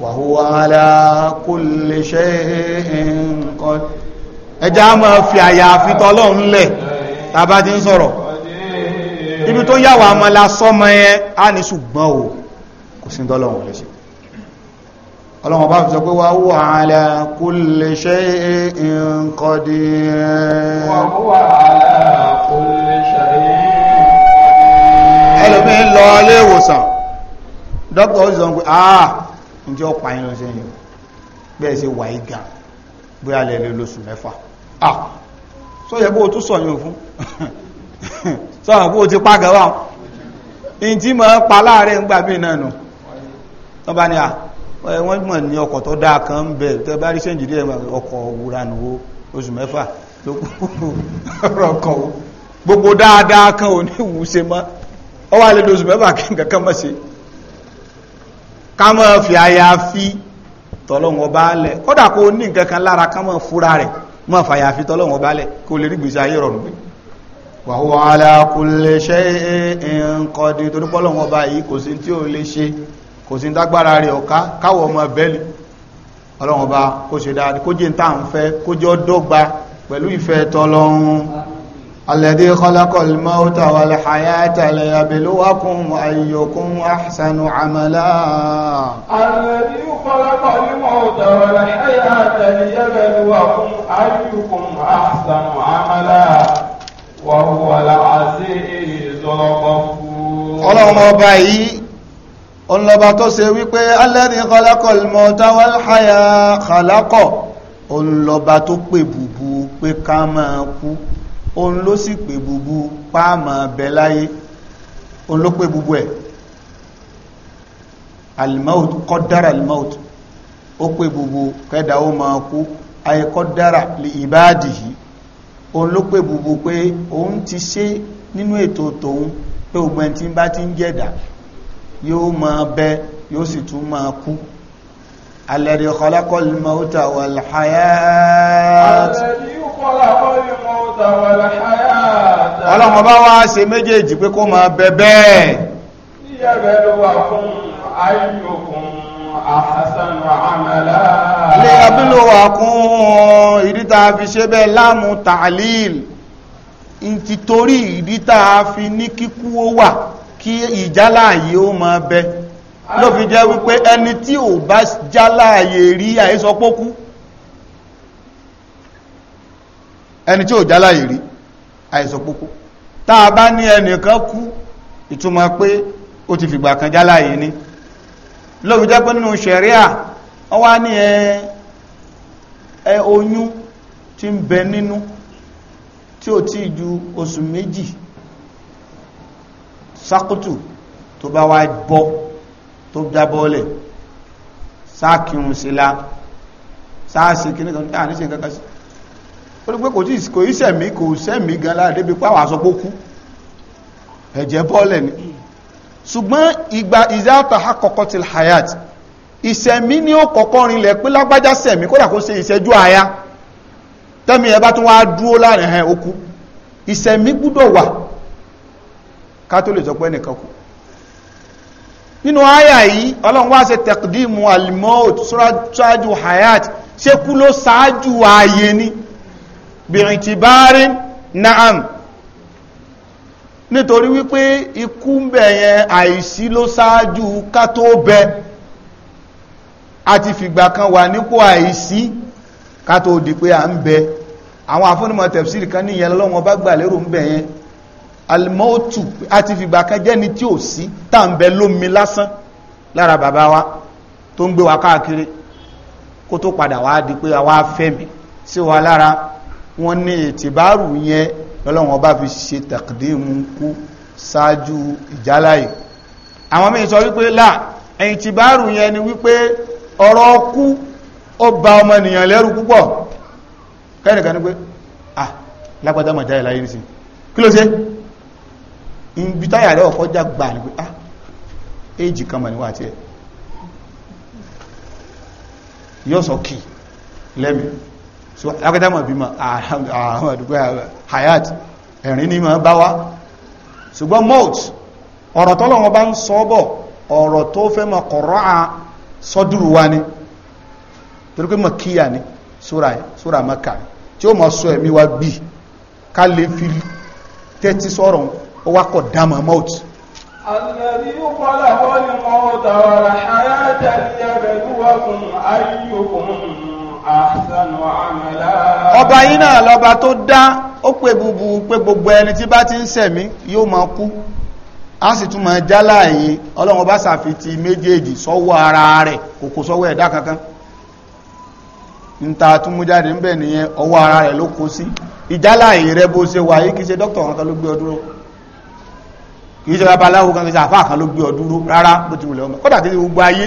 وهو على كل شيء قدير ẹjá mọ́ fi àyà àfitọ́ lọ́n lẹ̀ tàbá ti ń sọ̀rọ̀ ibi tó yàwà mọ́ la sọ́mọ́ ẹ á ní ṣùgbọ́n o kò sí dọ́lọ́wọ̀ lè ṣe ọlọ́wọ̀n bá fi sọ pé wa huwa ala kulli shay'in qadir njẹ́ ọ̀pá irun yìí bẹ́ẹ̀ sí wà ìgà bí a lè lè lóṣù mẹ́fà ah sọ yẹ bó o tún sọ yìí fún sọ́rọ̀ bó o ti pa wà ní tí mọ̀ pa láàrin náà nù wọ́n mọ̀ ní ọkọ̀ tó dáa kan ń bẹ̀ bá rí ọkọ̀ nùwó oṣù mẹ́fà gbogbo dáadáa kan ò ní wù ú ṣe ọ mẹ́fà kí nǹkan kan mọ́ ká mọ́ fi àyàfi tọ́lọ́wọ́ bá lẹ̀ kódà kó ní nǹkan kan lára ká mọ́ fúra rẹ̀ mọ́ fàyàfi tọ́lọ́wọ́ bá lẹ̀ kó lè rí ayé rọrùn pé wa huwa ala kulli shay'in qadir torí pọ́lọ́wọ́ bá yìí kò sí tí ó lè ṣe kò sí dágbára rẹ̀ ọ̀ká káwọ̀ الذي خلق الموت والحياة ليبلوكم أيكم أحسن عملا الذي خلق الموت والحياة ليبلوكم أيكم أحسن عملا وهو العزيز الغفور ọlọ́run ọba yìí ọlọ́ba tó ṣe wípé alẹ́ni kọlákọ̀ ìmọ̀ta wàlháyà kàlákọ̀ ọlọ́ba tó òun ló sì pè bubu páàmà bẹ láyé òun ló pè bubu ẹ̀ alimout kọ́dára alimout ó pè bubu kẹ́dà ó máa kú ayé kọ́dára lè ìbáàdì yìí òun ló pè bubu pé òun ti ṣe nínú ètò tòun pé ògbẹ́n tí bá ti ń jẹ̀dà yóò máa bẹ yóò sì tún máa kú alladhi khalaqal mauta wal hayat ọlọ́run ọba wá ṣe méjèèjì pé kó máa bẹ bẹ́ẹ̀ lè abúlò wà kún ìdíta fi ṣe bẹ́ẹ̀ láàmù tààlìl ti torí ìdíta fi ní kíkú ó wà kí ìjálàyé ó máa bẹ ló fi jẹ́ wípé ẹni tí ò bá jálàyé rí àìsọpókú ẹni tí ó jálá ìrí àìsàn púpọ̀ tá a bá ní ẹnìkan kú ìtumọ̀ pé ó ti fìgbà kan jálá yìí ní lóbi jẹ́ pé nínú ṣẹ̀ríà wọ́n wá ní ẹ oyún tí ń bẹ nínú tí ò tí ju oṣù méjì sákútù tó bá wá bọ́ tó jábọ́lẹ̀ sáàkìrùn sílá sáàsì kìnnìkan ní kankan sí torí pé kò tí kò í sẹ̀mí kò sẹ̀mí gan lára débi pé àwọn àsọpọ̀ ẹ̀jẹ̀ bọ́ọ̀lẹ̀ ni ṣùgbọ́n ìgbà ìzáàtà àkọ́kọ́ ti hayat ìsẹ̀mí ní ó kọ́kọ́ rinlẹ̀ pé lágbájá sẹ̀mí kódà kó ṣe ìṣẹ́jú àyá tẹ́mi ẹ bá tún wá dúró láàrin ẹ̀ okú ìsẹ̀mí gbúdọ̀ wà ká tó lè sọ pé ẹnìkan kú nínú àyà yìí ọlọ́run wá ṣe tẹ̀kídìmù alimọ́ọ̀tù ṣáájú hayat ṣé ló ṣáájú ààyè ni bìrìtìbárín naam nítorí wípé ikú ń bẹ̀ yẹn àìsí ló sáájú ká tó bẹ àti fìgbà kan wà nípò àìsí ká tó dì pé à ń bẹ àwọn àfúnnimọ̀ tẹ̀fsìrì kan níyẹn lọ́wọ́n bá gbà lérò ń bẹ̀ yẹn a ti fìgbà kan jẹ́ ni tí ò sí wa tó ń gbé wa káàkiri kó tó padà wá wa lára wọ́n ní ìtìbárù yẹn lọ́lọ́wọ́n bá fi ṣe tàkìdímù kú ṣáájú ìjálàyè àwọn míì sọ wípé là ìtìbárù yẹn ni wípé ọ̀rọ̀ kú ó ba ọmọnìyàn lẹ́rù púpọ̀ kẹ́nìkan ní pé ah lágbàdá mọ̀ jáde láyé nísìn kí ló ṣe ibi táyà rẹ̀ ọ̀kọ́ já gbà ní pé ah éjì kan mọ̀ níwà tí ẹ̀ sọ kì lẹ́mìí so akẹ́dàmọ̀ bí ma àwọn àdúgbò hayat ẹ̀rin ní ma bá wá ṣùgbọ́n mọ́t ọ̀rọ̀ tọ́lọ̀ wọn bá ń sọ bọ̀ ọ̀rọ̀ tó fẹ́ ma kọ̀rọ̀ à sọ́dúrù wa ni torí pé makiya ni sura maka tí ó ma sọ ẹ̀mí wa bí ká fi tẹ́tí sọ́rọ̀ ó wá kọ̀ dáma mọ́t الذي خلق الموت والحياة ليبلوكم أيكم ọba yìí náà lọba tó dá ó pé bubu pé gbogbo ẹni tí bá ti ń sẹ̀mí yóò máa kú a sì tún máa jáláàyè ọlọ́run bá sàfitì méjèèjì sọ́wọ́ ara rẹ̀ kò kò sọ́wọ́ ẹ̀dá kankan níta tún mú jáde ń bẹ̀ nìyẹn ọwọ́ ara rẹ̀ ló kó sí ìjáláàyè rẹ bó ṣe wáyé kìí ṣe dókítà kan ló gbé ọ dúró kìí ṣe babaláwo kan kìí ṣe àfáà kan ló gbé ọ dúró rárá bó ti wùlẹ̀ ọmọ kódà kìí ṣe gbogbo ayé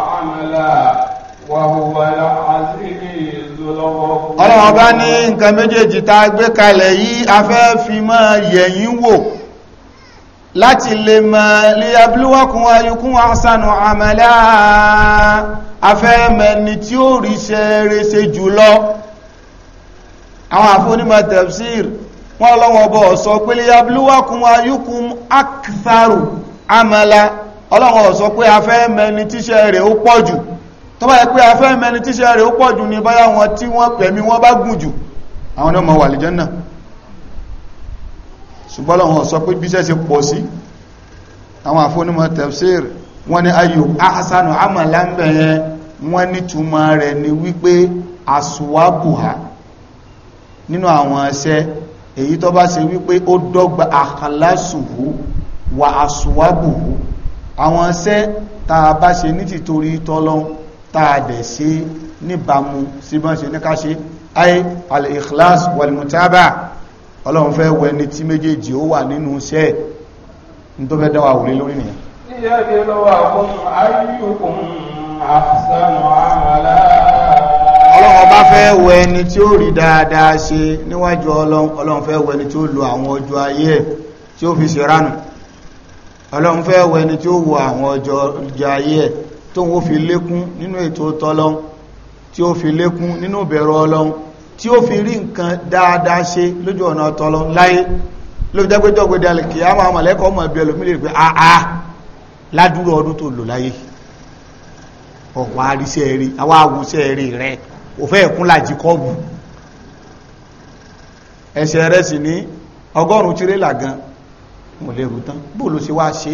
ọlọ́run ọba ní nǹkan méjèèjì tá gbé kalẹ̀ yìí a fi mọ́ yẹ̀yìn wò láti lè mọ̀ líyàbílúwọ́kún ayukún asánù àmàlá afẹ́mẹ́ni tí ó rí ṣeréṣe jùlọ àwọn àfónímọ̀ tafsir wọ́n lọ́wọ́ bọ̀ sọ pé líyàbílúwọ́kún ayukún tó bá yẹ pé afẹ́ mẹni tíṣẹ́ rẹ̀ ó pọ̀ jù ní báyá wọn tí wọ́n pẹ̀mí wọ́n bá gùn jù àwọn náà mọ̀ wà lìjẹ́nà ṣùgbọ́n lọ́wọ́ sọ pé bí sẹ́sẹ̀ pọ̀ sí àwọn àfọ́nímọ̀ tafsir wọ́n ní ayò ahasanu amalambe ni wípé aswabuha nínú àwọn ẹsẹ́ èyí tó bá ṣe wípé wa aswabuhu àwọn ẹsẹ́ tá a bá ṣe ní tìtorí tọ́lọ́hún tààdẹ̀ sí níbàmú síbọ́n sí níkáṣe ayé al-ikhlas wal-mutaba ọlọ́run fẹ́ wẹ ní tí méjèèjì ó wà nínú iṣẹ́ ní tó fẹ́ dáwà wòlé lórí nìyàn ọlọ́run bá fẹ́ wẹ ní tí ó rí dáadáa ṣe níwájú ọlọ́run fẹ́ wẹ ní tí ó lo àwọn ọjọ́ ayé tí ó fi ṣe ránù ọlọ́run fẹ́ wẹ ní tí ó wo àwọn ọjọ́ ayé ẹ̀ tó ń wó fi lékún nínú ètò tọ́lọ́un tí ó fi lékún nínú bẹ̀rọ ọlọ́un tí ó fi rí nǹkan dáadáa ṣe lójú ọ̀nà tọ́lọ́un láyé ló jẹ́ pé jọ́gbé dalẹ̀ kìí àwọn àmàlẹ́kọ̀ ọmọ ẹ̀bí ẹlòmí lè ọgọ́rùn-ún tirẹ́là gan mo lè tán bó ló wá ṣe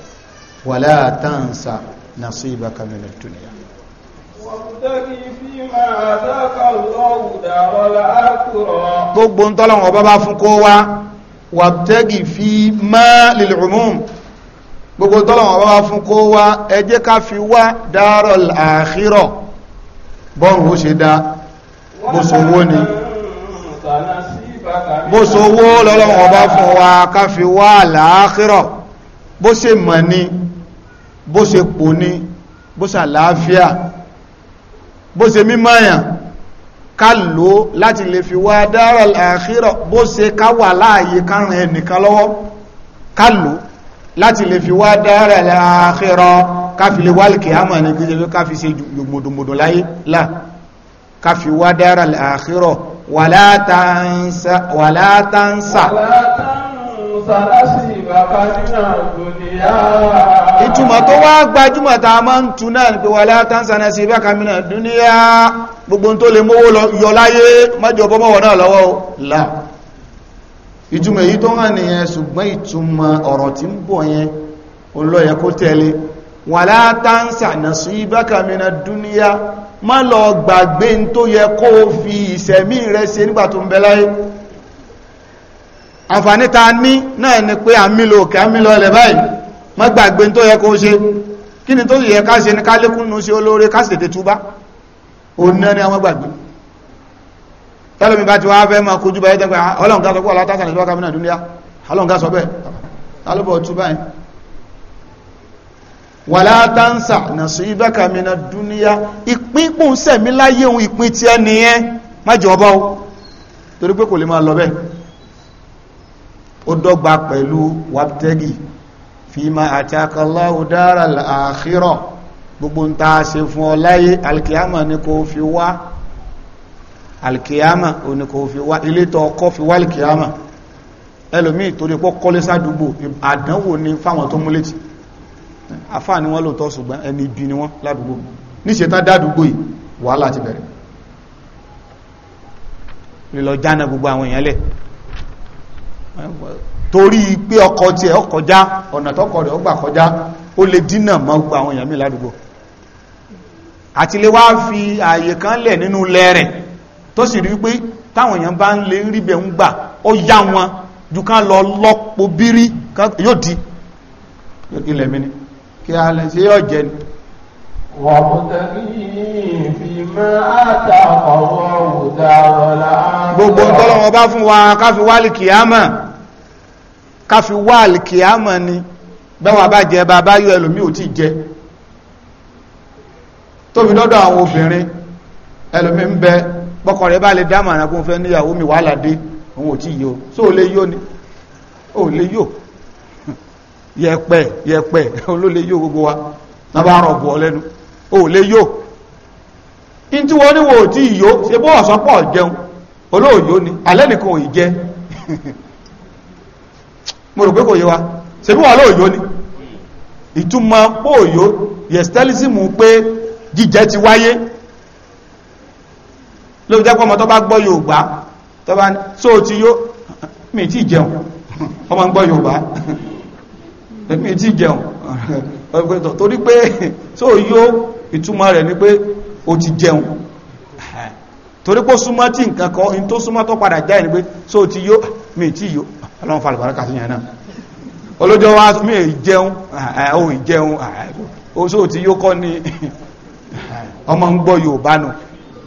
ولا تنسى نصيبك من الدنيا وابتغي ń tọ́lọ̀ ọba bá fún kó wá wàbtẹ́gì fi máa lil'umum gbogbo ń tọ́lọ̀ ọba bá fún kó wá ẹ jẹ́ ká fi wá darul akhirah bọ́rùn ó ṣe dá bóṣòwò ni bóṣòwò lọ́lọ́wọ́ ọba fún wa ká fi wá al bó ṣe mọ̀ ní bó ṣe pò ní bó ṣe àlàáfíà bó ṣe mímọ̀yàn ká lò láti lè fi wá dára àkírọ̀ bó ṣe ká wà láàyè kárùn ẹnìkan lọ́wọ́ ká lò láti lè fi wá dára àkírọ̀ ká fi lè wálìkì àmọ̀ ní gbígbé ká fi ṣe gbòdògbòdò láyé láà ká fi wá dára àkírọ̀ wàlátàǹsà wàlátàǹsà ìtumọ̀ tó wá gbajúmọ̀ tá a máa ń tu náà pé wà látánsáná sí ibẹ́ kàmínà dúníyà gbogbo tó lè mówó yọ láyé mọ́jọ bọ́mọ̀wọ̀ náà lọ́wọ́ là ìtumọ̀ èyí tó hàn nìyẹn ṣùgbọ́n ìtumọ̀ ọ̀rọ̀ tí ń bọ̀ yẹn olóyẹ kó tẹ̀lé wà látánsáná sí ibẹ́ kàmínà dúníyà má lọ gbàgbé tó yẹ kó fi ìṣẹ̀mí rẹ̀ ṣe nígbà tó ń bẹ láyé àǹfààní ta ní náà ni pé àmìlò òkè àmìlò ọlẹ̀ báyìí má gbàgbé tó yẹ kó ṣe kí ni tó yẹ ká ṣe ní ká lékúnnú sí olóore ká sì tètè túbá òun náà ni àwọn gbàgbé tẹ́lẹ̀mí bá ti wá fẹ́ máa kojú báyẹ́ tẹ́gbẹ́ ọlọ́run ká sọ pé alátàkà ní ìjọba láyé ohun ìpín tí ẹniyẹn má jọba o torí kò lè máa lọ bẹ́ẹ̀ ó dọ́gba pẹ̀lú waptegi fima atakallahu daral akhirah gbogbo ń ta ṣe fún ọ láyé alkiyama ni kò fi wá alkiyama o ni kò fi wá ilé tó ọkọ́ fi wá alkiyama ẹlòmí ìtorí pọ́ kọ́lé sádùgbò àdánwò ni fáwọn tó múlẹ̀tì afá ni wọ́n lóòtọ́ ṣùgbọ́n ẹni ibi ni wọ́n ládùgbò níṣẹ́ tán dádùgbò yìí wàhálà ti bẹ̀rẹ̀ lílọ jánà gbogbo àwọn èèyàn lẹ̀ torí pé ọkọ̀ tí ẹ̀ ọkọjá ọ̀nà tọ́kọ̀ rẹ̀ ọgbà kọjá ó lè dínà mọ́ gbogbo àwọn èèyàn mi ládùúgbò àti lè wá fi ààyè kan lẹ̀ nínú lẹ́rẹ̀ tó sì rí wípé táwọn èèyàn bá ń lè ríbẹ̀ ń gbà ó yá wọn ju ká lọ lọ́pọ̀ bírí yóò di ilẹ̀ mi ni kí a lè ṣe yóò jẹ ni gbogbo ntọ́lọ́wọ́ bá fún wa káfi wá alìkìyàmọ̀ káfi wá alìkìyàmọ̀ ni bẹ́wà bá jẹ bá bá ẹlòmí ò tí jẹ tóbi àwọn obìnrin ẹlòmí ń bẹ rẹ̀ bá lè dámà fẹ́ níyàwó mi wàhálà dé òun ò tí yíò só lè yíò ni ó lè yíò olólè yíò gbogbo wa náà bá o ò lè yó in tí wọ́n níwò tí ìyó ṣe bó ọ̀sán pọ̀ jẹun olóòyó ni alẹ́ nìkan ò jẹ mo rò pé kò yé wa ṣe bí wọ́n olóòyó ni ìtumọ̀ pòòyó yẹ̀stẹ́lísìmù pé jíjẹ ti wáyé ló jẹ́ pọ́mọ tó bá gbọ́ Yorùbá tó bá só ti yó mi ti jẹun ọmọ ń gbọ́ Yorùbá mi ti jẹun torí pé só yó ìtumọ̀ rẹ̀ ni pé o ti jẹun torí kó súnmọ́ tí nǹkan kan in tó súnmọ́ tó padà jáì ni pé so ti yó mi ti yó ọlọ́run falẹ̀ bàrẹ́kà sí yẹn náà olójọ́ wá mi jẹun ohun ìjẹun o so ti yó kọ́ ni ọmọ ń gbọ́ Yorùbá nù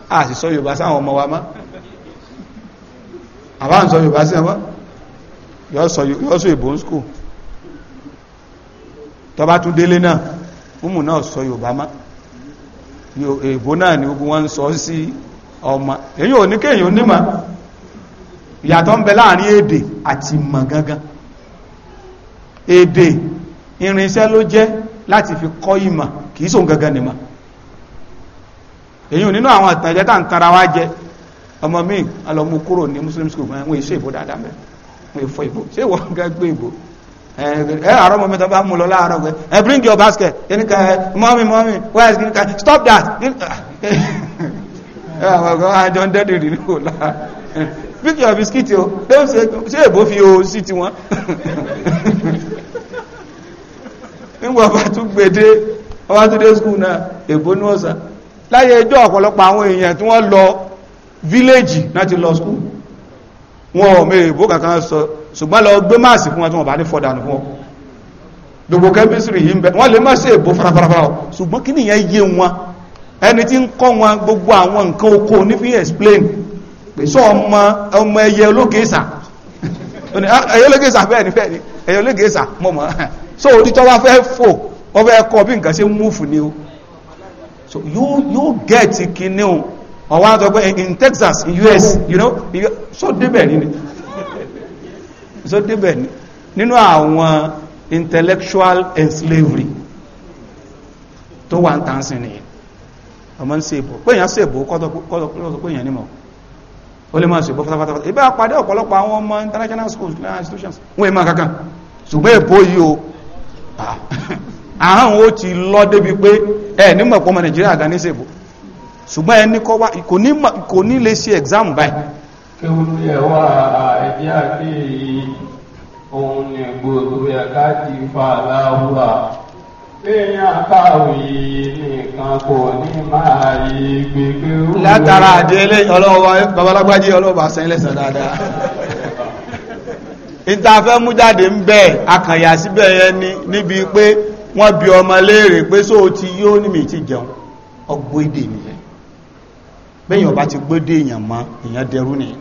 a sì sọ Yorùbá sáwọn ọmọ wa mọ́ àbá ń sọ Yorùbá sí ọmọ yọ́ sọ ìbò ń skù tọba tún délé náà múmù náà sọ Yorùbá mọ́ èbó náà ni ogun wọn sọ sí ọmọ èyí ò ní kéèyàn onímọ̀ ìyàtọ̀ ń bẹ láàrin èdè àti mọ̀ gangan èdè irinṣẹ́ ló jẹ́ láti fi kọ́ ìmọ̀ kìí sóhun gangan ni èyí ò nínú àwọn àtàjẹ́ je tara wá jẹ ọmọ míì alọ́mú kúrò ní muslim school ẹ eh, eh, àárọ̀ mọ́mí tó bá eh, bring your basket kíníkà ẹ where is kíníkà stop that ẹ ah, àwọn ọ̀gá àjọ ń dẹ́dì pick your biscuit o ṣé o sí tiwọn nígbà bá tún gbèdé ọba tún dé school náà èbó ní láyé ẹjọ́ ọ̀pọ̀lọpọ̀ àwọn èèyàn tí wọ́n lọ village láti lọ school ṣùgbọ́n lọ gbé máàsì fún wọn tí wọ́n bá ní fọ́dánù fún ọ gbogbo kẹ́mísìrì yìí ń bẹ wọ́n lè má ṣe èbó farafarafara ṣùgbọ́n kí nìyẹn yé wọn ẹni tí ń kọ́ wọn gbogbo àwọn nǹkan oko ní fi explain pé sọ ọmọ ọmọ ẹyẹ ológeṣà ah, ẹyẹ ológeṣà bẹ́ẹ̀ ni bẹ́ẹ̀ ni ẹyẹ ológeṣà mọ́ so òtítọ́ wa fẹ́ fò wọ́n fẹ́ kọ́ bí so you you get kinní o ọ̀wọ́n àtọ́gbẹ́ in Texas in US you know so débẹ̀ so débẹ̀ nínú àwọn intellectual enslavery tó wà ń tàn sí nìyẹn ọmọ ń ṣe ìbò pé èèyàn ṣe ìbò kọ́tọ̀ pé èèyàn nímọ̀ ó lè máa ṣe ìbò fátáfátá ìbá pàdé ọ̀pọ̀lọpọ̀ àwọn ọmọ international schools international institutions wọ́n èèmọ̀ kankan ṣùgbọ́n ìbò yìí o àhán ó ti lọ débi pé ẹ nímọ̀ pọ̀ ọmọ Nàìjíríà gan ní ṣe ìbò ṣùgbọ́n ẹni kọ́ wá kò ní lè ṣe exam báyìí kéwúrú yẹ wá ẹjẹ àti èyí òun ní gbòòrò yẹ ká ti fa aláwùwà èèyàn kàwé nìkan kò ní máa yí gbégbé wúwo. látara àdéhélé ọlọ́wọ́ babalágbájí ọlọ́wọ́ àṣẹ dada dáadáa ìtafẹ́ mú jáde ń bẹ̀ akànyà síbẹ̀ yẹn ni níbi pé wọn bi ọmọ léèrè pé só ti yóò ní mi ti jẹun ọgbó èdè nìyẹn bẹ́yìn ọba ti gbódé èèyàn èèyàn dẹrú nìyẹn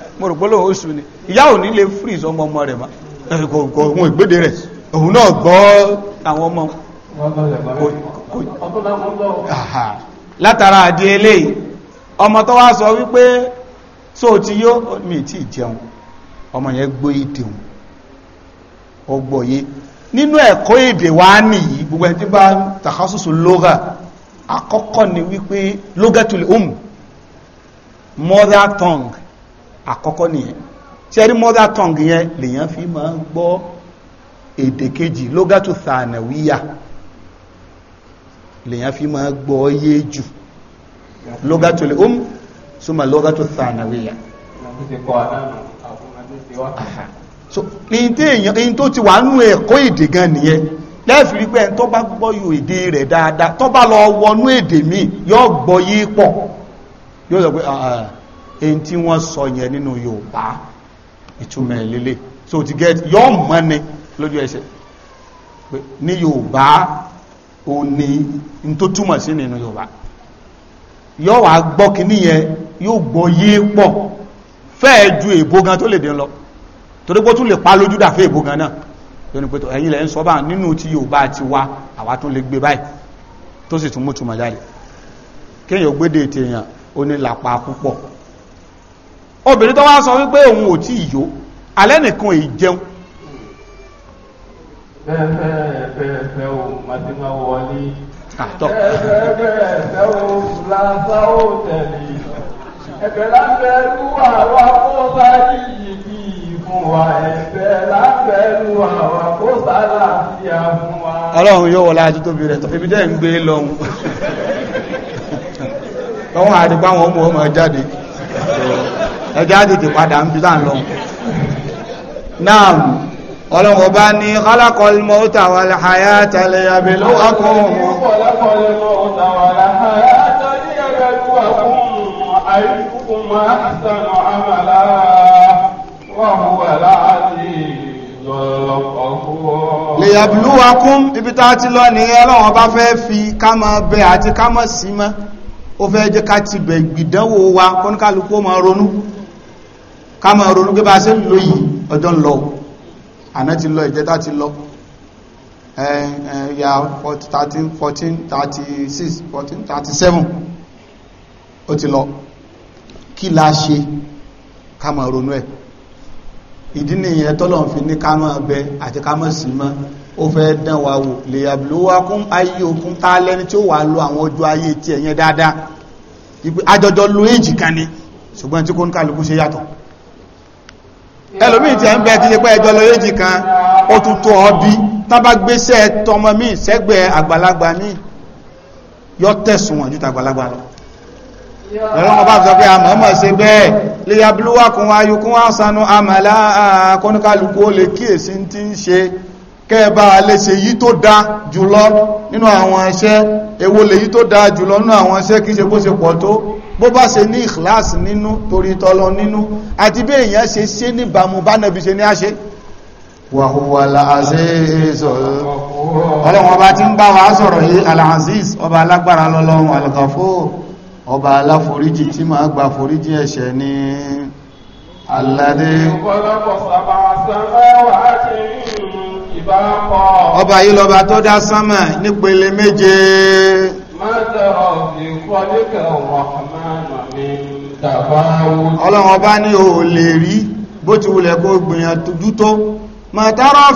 mo rò pọ́lọ́ oṣù ni ìyá ò ní lè freeze ọmọ ọmọ rẹ̀ mọ́ kò òun ìgbéde rẹ̀ òun náà gbọ́ àwọn ọmọ látara àdí eléyìí ọmọ tó wá sọ wípé tó ti yó mi tí jẹun ọmọ yẹn gbọ́ èdè òun ọgbọ̀yé nínú ẹ̀kọ́ èdè wa nìyí gbogbo ẹ̀ tí bá tàkásùsù lóga àkọ́kọ́ ni wípé lóga tó lè mother tongue àkọ́kọ́ nìyẹn sẹ́rí mother tongue yẹn lèyàn fi ma ń gbọ́ èdè kejì lógàtò thanawiya lèyàn fi máa gbọ́ yé jù lógàtò lè um súnmọ́ lógàtò thanawiya so ní tó ti wà nú ẹ̀kọ́ èdè gan nìyẹn lẹ́fì rí pé tó bá gbọ́ yóò èdè rẹ̀ dáadáa tó bá lọ wọnú èdè míì yóò gbọ́ yí pọ̀ yóò sọ pé ah, ah. èyí tí wọ́n sọ yẹn nínú Yorùbá ìtumọ̀ ìlélẹ̀ so to get yọ mọ́ ni lójú ẹsẹ̀ ní Yorùbá ò ní n tó túmọ̀ sí nínú Yorùbá yọ wàá gbọ́ kíní yẹn yóò gbọ́ yé pọ̀ fẹ́ẹ̀ ju èbó gan tó lè dín lọ torí pé ó tún lè pa lójú dàfẹ́ èbó gan náà lónìí pé ẹ̀yin lẹ̀ ń sọ bá nínú tí Yorùbá ti wá àwa tún lè gbé báyìí tó sì tún mú túmọ̀ jáde kéèyàn gbédè tèèyàn ó ní làpá púpọ̀ obìnrin tó wá sọ wípé òun ò tí ìyó alẹ́ nìkan èyí jẹun ọlọ́run yóò wọlé ajú tóbi rẹ̀ tọ́fẹ́ bí dẹ́ ń gbé lọ́wọ́n àdìgbà wọn mú ọmọ jáde ẹjẹ́ àtètè padà ń bí tá à ń lọ. náà ọlọ́run ọba ní khalaqal mauta wal hayata liyabluwakum. khalaqal mauta wal hayata liyabluwakum ayyukum ahsanu amala wa huwa al-azizul ghafur. liyabluwakum ibi tá a ti lọ nìyẹn ọlọ́run ọba fẹ́ fi ká bẹ àti ká máa ó fẹ́ jẹ́ ká ti bẹ̀ gbìdánwò wa kọ́níkàlùkù ó ronú ká máa ronú pé bá a ṣe ń lò yìí ọjọ́ ń lọ àná ti lọ ìjẹta ti lọ ẹ̀yà 13 14 36 14 37 ó ti lọ kí la ṣe ká máa ronú ẹ̀ ìdí nìyẹn tọ́lọ̀ fi ní ká máa bẹ àti ká máa sì mọ́ ó fẹ́ dán wa wò lè àbúlówákún ayé okun tá ayé tí ṣùgbọ́n tí kò ń kálukú ṣe yàtọ̀ ẹlòmíì tí a ń bẹ ti ṣe pé ẹjọ́ lọ yéjì kan ó tún tó ọ bí tábà gbéṣẹ́ tọmọ míì sẹ́gbẹ̀ àgbàlagbà míì yọ tẹ̀sùn wọn ju tàgbàlagbà lọ lọ́lọ́wọ́ bá sọ pé a mọ̀ọ́mọ̀ ṣe bẹ́ẹ̀ liyabluwa kun ayukun asanu amala akọ́nukálukú ó lè kíyèsí tí ń ṣe kẹ́ẹ̀bá lè ṣe yí tó dá jùlọ nínú àwọn iṣẹ́ èwo lè yí tó dá jùlọ nínú àwọn iṣẹ́ kìí ṣe bó ṣe pọ̀ tó bó bá ṣe ní ìkìláàsì nínú torí tọ́lọ nínú àti bí èèyàn ṣe ṣe níbàmú bá nàbí ṣe ní àṣẹ wàhúwà aláàzíz ọlọ́wọ́n bá ti ń bá wa sọ̀rọ̀ yìí aláàzíz ọba alágbára lọ́lọ́run alkafó ọba aláforíjì tí ma gba foríjì ẹ̀ṣẹ̀ ní aládé ọba yìí lọ́ba tó dá sánmà nípele méje ọlọ́run ọba ní o lè rí bó ti wulẹ̀ kó gbìyànjú tó ma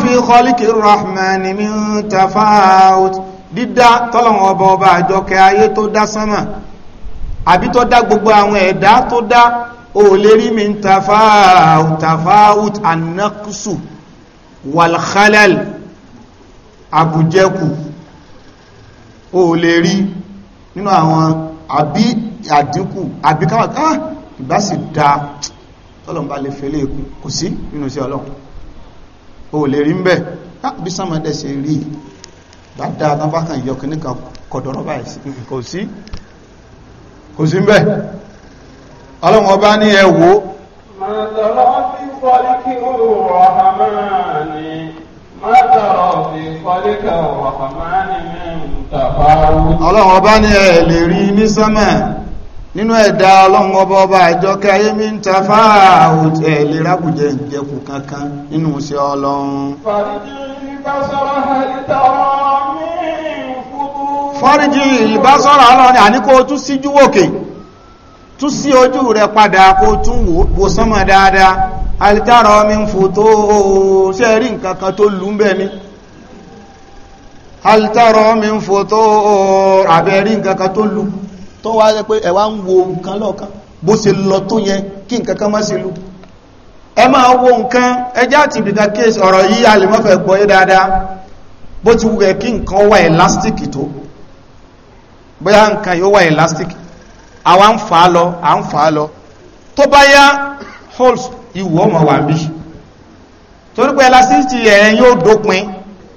fi kọlíkì rahmani min tafawut dídá tọ́lọ̀wọ̀n ọba ọba àjọkẹ ayé tó dá sánmà àbí tó dá gbogbo àwọn ẹ̀dá tó dá o lè rí min tafawut annaqsu wal khalal àbùjẹ́kù o lè rí nínú àwọn àbí àdínkù àbí káwà ká ah, ìgbà sì da tọ́lọ̀n bá lè fẹ́lẹ̀ ikú kò sí nínú sí ọlọ́run o lè rí ń bẹ̀ ah, bí sánmọ́dẹ̀ ṣe rí bá dáa tán bá kàn yọkì ní kọ̀dọ̀rọ̀ báyìí hmm, kò sí kò sí ń bẹ̀ ọlọ́run ọba ní ẹ ọlọ́run ọba ní ẹ̀ lè rí ní sánmà nínú ẹ̀dá ọlọ́run ọba ọba àjọkẹ́ ayé mi ń ta fáàwù ẹ̀ lè ìjẹkù kankan nínú iṣẹ́ ọlọ́run fọ́ríjì ìbásọ́rọ̀ ọlọ́run àníkó tún síjú wòkè tún sí ojú rẹ̀ padà kó tún wò sọ́mọ̀ dáadáa alitara omi ń tó ṣe rí nǹkan kan tó lù ń bẹ́ẹ̀ ni hal tara min futur àbẹ̀rí nǹkan kan tó lù tó wá jẹ́ pé ẹ̀wà ń wo nǹkan lọ́ọ̀kan bó se lọ tó yẹ kí nǹkan kan má ṣe lù ẹ ma wo nǹkan ẹjá àti ìbìkà kéèsì ọ̀rọ̀ yìí alìmọ́fẹ́ gbọ́ yé dáadáa bó ti wù kí nǹkan wà elastic tó bóyá nǹkan yóò wà elastic àwa ń fà lọ à ń fà lọ tó bá yá holes ìwọ̀ ọmọ wà bí yóò dópin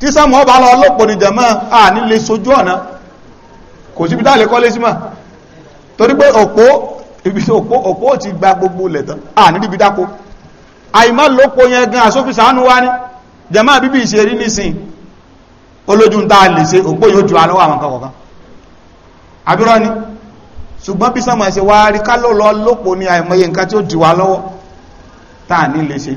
tí sáàmù ọba lọ lọ́pọ̀ ní jẹ̀mọ́ à nílé sojú ọ̀nà kò síbi dáàlẹ̀ kọ́lé sí mà torí pé òpó ibi tí òpó òpó ti gba gbogbo ilẹ̀ tán à níbi dáko àìmọ́ lóko yẹn gan àsófìsà ánú wá ní jẹ̀mọ́ bíbí ìṣerí nísìn olójú ń dáa lè ṣe òpó yóò ju alọ́wọ́ rí ní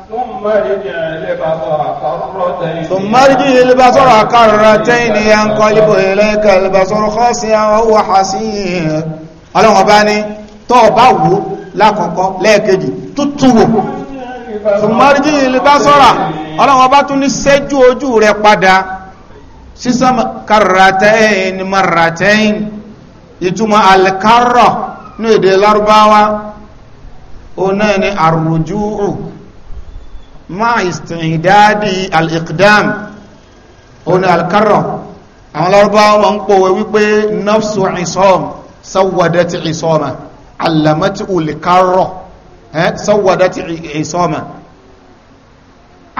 ثم ارجع البصر كرتين ينقلب إليك البصر خاسئا وهو حسير ọlọ́run ọba ní tó ọba wò lákọ̀ọ́kọ́ lẹ́ẹ̀kejì tútúrò ṣùgbọ́njí ìlúbá sọ́rà ọlọ́run ọba tún ní sẹ́jú ojú rẹ padà sísan karratẹ́yìn marratẹ́yìn ìtumọ̀ alkarọ̀ ní èdè lárúbáwá ó náà ní àrùjúrù máa ìsìndádì al-iqdam oní alkarra àwọn lọ́rọ̀bá wọn ń pòwe wípé nafsu isom sawwadati isoma alamati ulikarra sawwadati isoma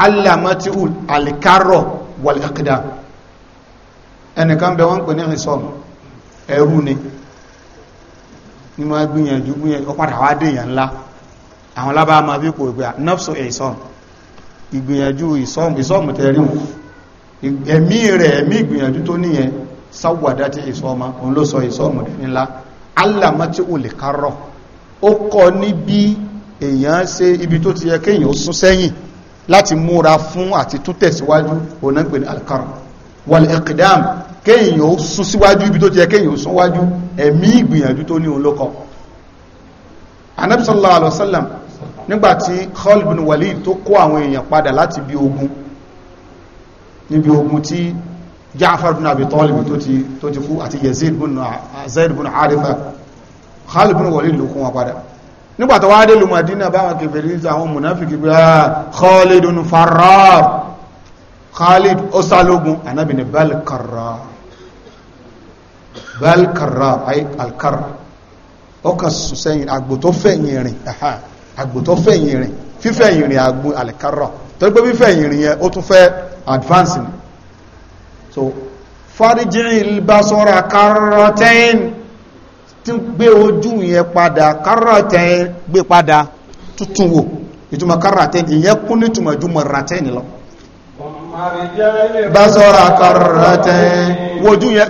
alamati alikarra wal-iqdam ẹnìkan bẹ wọ́n pè ní isom ẹrú ni ní ma gbìyànjú gbìyànjú ọpàdà wá dèèyàn ńlá àwọn lábá ma bí kò gbà nafsu isom ìgbìyànjú ìsọ́mù tẹ́rí ẹ̀mí rẹ̀ ẹ̀mí ìgbìyànjú tó níyẹn sáwàdá tí ìsọ́mà òun ló sọ ìsọ́mù nílá alamati olùkarọ̀ ó kọ́ ní bí èèyàn ṣe ibi tó ti yẹ kéèyàn ó sún sẹ́yìn láti múra fún àti tún tẹ̀síwájú òun náà pè ní alkarọ̀ wal iqdam kéèyàn ó sún síwájú ibi tó ti nígbàtí Khalid bin Walid tó kó àwọn èèyàn padà láti bí ogun níbi ogun tí Ja'far bin Abi Talib tó ti kú àti Yazid bin ah, Zaid bin Arifa Khalid bin Walid ló kó wọn padà nígbàtí wá dé lùmọ̀dínà báwọn kèfèrè àwọn mùnáfikì bí ah, Khalidun farrar Khalid ó sálógún ọkà sùsẹ́yìn àgbò tó fẹ̀yìn rìn àgbòtọ́ fẹ̀yìn rìn fífẹ̀yìn rìn àgbò àlìkárọ̀ torí pé fífẹ̀yìn rìn yẹn ó tún fẹ́ advance ni so fáríjì ìlbásọ́ra kárọ̀tẹ́yìn tí gbé ojú yẹn padà kárọ̀tẹ́yìn gbé padà tuntun wò ìtumọ̀ kárọ̀tẹ́yìn ìyẹn kún ní ìtumọ̀ ju mọ̀rọ̀tẹ́yìn lọ básọ́ra kárọ̀tẹ́yìn wojú yẹn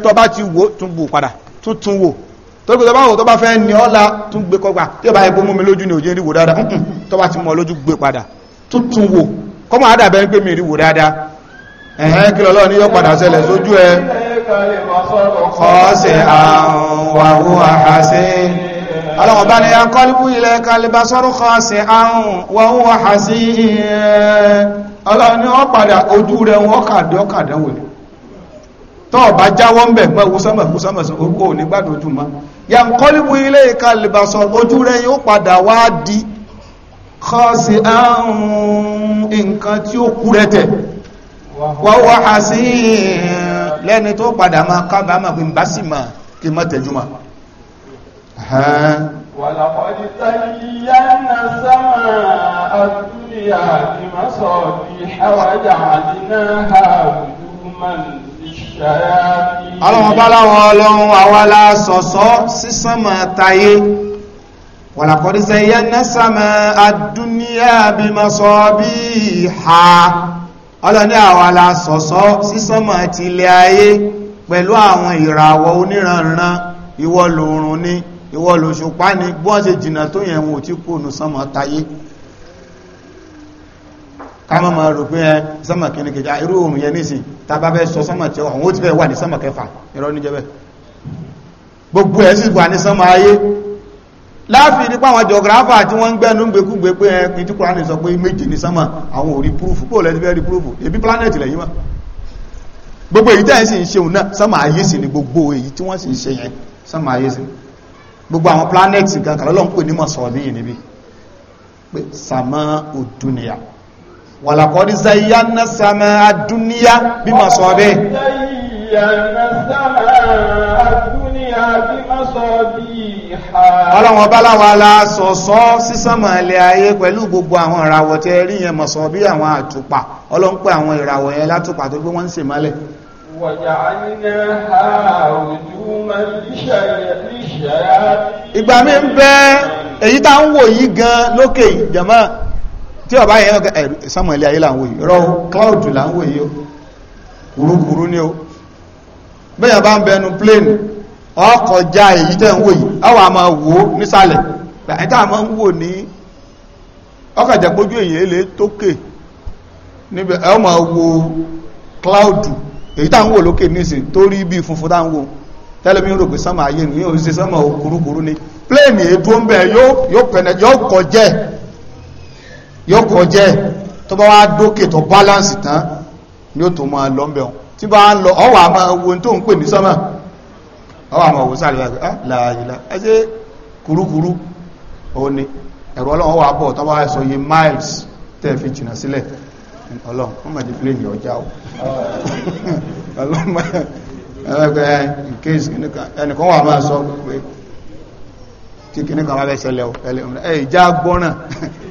tó gbé tọ́bá wò tọ́bá fẹ́ ní ọ́la tún gbé kọgbà tí ó bá ẹgbó mú mi lójú ní òjò ríwò dáadáa ǹkan tọ́bá ti mọ̀ lójú gbé padà tuntun wò kọmọ̀ àdàbẹ́ ń pè mí ríwò dáadáa ẹ̀hẹ́n kí lọ́lọ́ ní yọ padà ṣẹlẹ̀ sójú ẹ ya kọ́lùkù ilẹ̀ kalibasọ́rọ̀ kọ́ọ̀sẹ̀ àwọn wọ́n wọ́n àhàṣẹ́ ọlọ́ni ọ padà ojú rẹ̀ wọ́n tọ́ bá jáwọ́ ń bẹ̀ pẹ́ wúsánmà wúsánmà sí orúkọ ò ní gbádùn ojú ma ya ń kọ́líwú ilé ìkàlìbàsọ ojú rẹ̀ yóò padà wá di kọ́sí àrùn nǹkan tí ó kú rẹ̀ tẹ̀ wọ́wọ́ ha sí lẹ́ni tó padà ọlọ́run bá láwọn ọlọ́run àwọlá sọ̀sọ́ sísánmà tayé wàlàkọ́dísẹ́ yẹ́ nẹ́sàmà àdúníyà bí ma sọ bí ha ọlọ́ni àwọlá sọ̀sọ́ sísánmà ti ilé ayé pẹ̀lú àwọn ìràwọ̀ oníranran ìwọ̀lòrùn ni ìwọ̀lòṣùpá ni bọ́n ṣe jìnà tó yẹn wọn ò tí kò nù sánmà tayé ká mọ́ mọ́ rò pé ẹ eh, sánmà kìíní kejì irú òun yẹn ní ìsìn tàbá fẹ́ sọ sánmà tí ọ̀hún ó ti fẹ́ wà ní sánmà kẹfà irọ́ níjẹ́ bẹ́ẹ̀ gbogbo ẹ̀ sì wà ní sánmà ayé láàfin nípa àwọn geographer tí wọ́n ń gbẹ́nu gbẹkúgbẹ pé ẹni eh, tí kúránì sọ pé méje ní sánmà àwọn ò rí púrúfù pò lẹ́ti fẹ́ rí púrúfù ebi planet lẹ́yìn mọ́ gbogbo èyí tẹ́yìn sì ń ṣeun náà sánmà ayé sì ni gbogbo èyí tí wọ́n sì ń ṣe yẹn sánmà ayé sì wàlàkọ́dí zayyana sama adúníyá bí ma sọ bẹ́ẹ̀ ọlọ́wọ́n bá láwọn aláṣọ̀ṣọ́ sísánmọ̀ ilẹ̀ ayé pẹ̀lú gbogbo àwọn ìràwọ̀ tẹ́ rí yẹn mọ̀sán bí àwọn àtùpà ọlọ́pẹ́ àwọn ìràwọ̀ yẹn látùpà tó gbé wọ́n ń ṣe mọ́lẹ̀ ìgbà mi ń bẹ èyí tá ń wò yí gan lókè ìjàmọ́ tí ọba yẹn sánmọ̀ ilé ayé láwọn yìí rọ cloud láwọn yìí kúrúkúrú ní o bẹ́yàn bá ń bẹnu plane ọkọjá èyí tẹ́ ń wò yìí àwọn àmà wò nísàlẹ̀ ẹ̀ta ma ń wò ní ọkàjàpójú èyí èlé tókè níbẹ̀ ẹ máa wo cloud èyí tá ń wò lókè nísìn torí bí funfun tá ń wò tẹ́lẹ̀ mi rò pé sánmọ̀ ayé nìyẹn ò sí sánmọ̀ kúrúkúrú ní plane èdú ń bẹ̀ yóò kọjẹ́ yóò kọjẹ́ tó bá wá dókè tó balance tán ni ó tó máa lọ ń bẹ̀ tí bá ń lọ ọwà máa wo tó ń pè ní sọ́mà ọwà máa wo sáré ah, láàrínlá ẹsẹ́ kúrúkúrú ó ẹ̀rọ ọlọ́run wà bọ̀ sọ yí miles tẹ́ fi jìnà sílẹ̀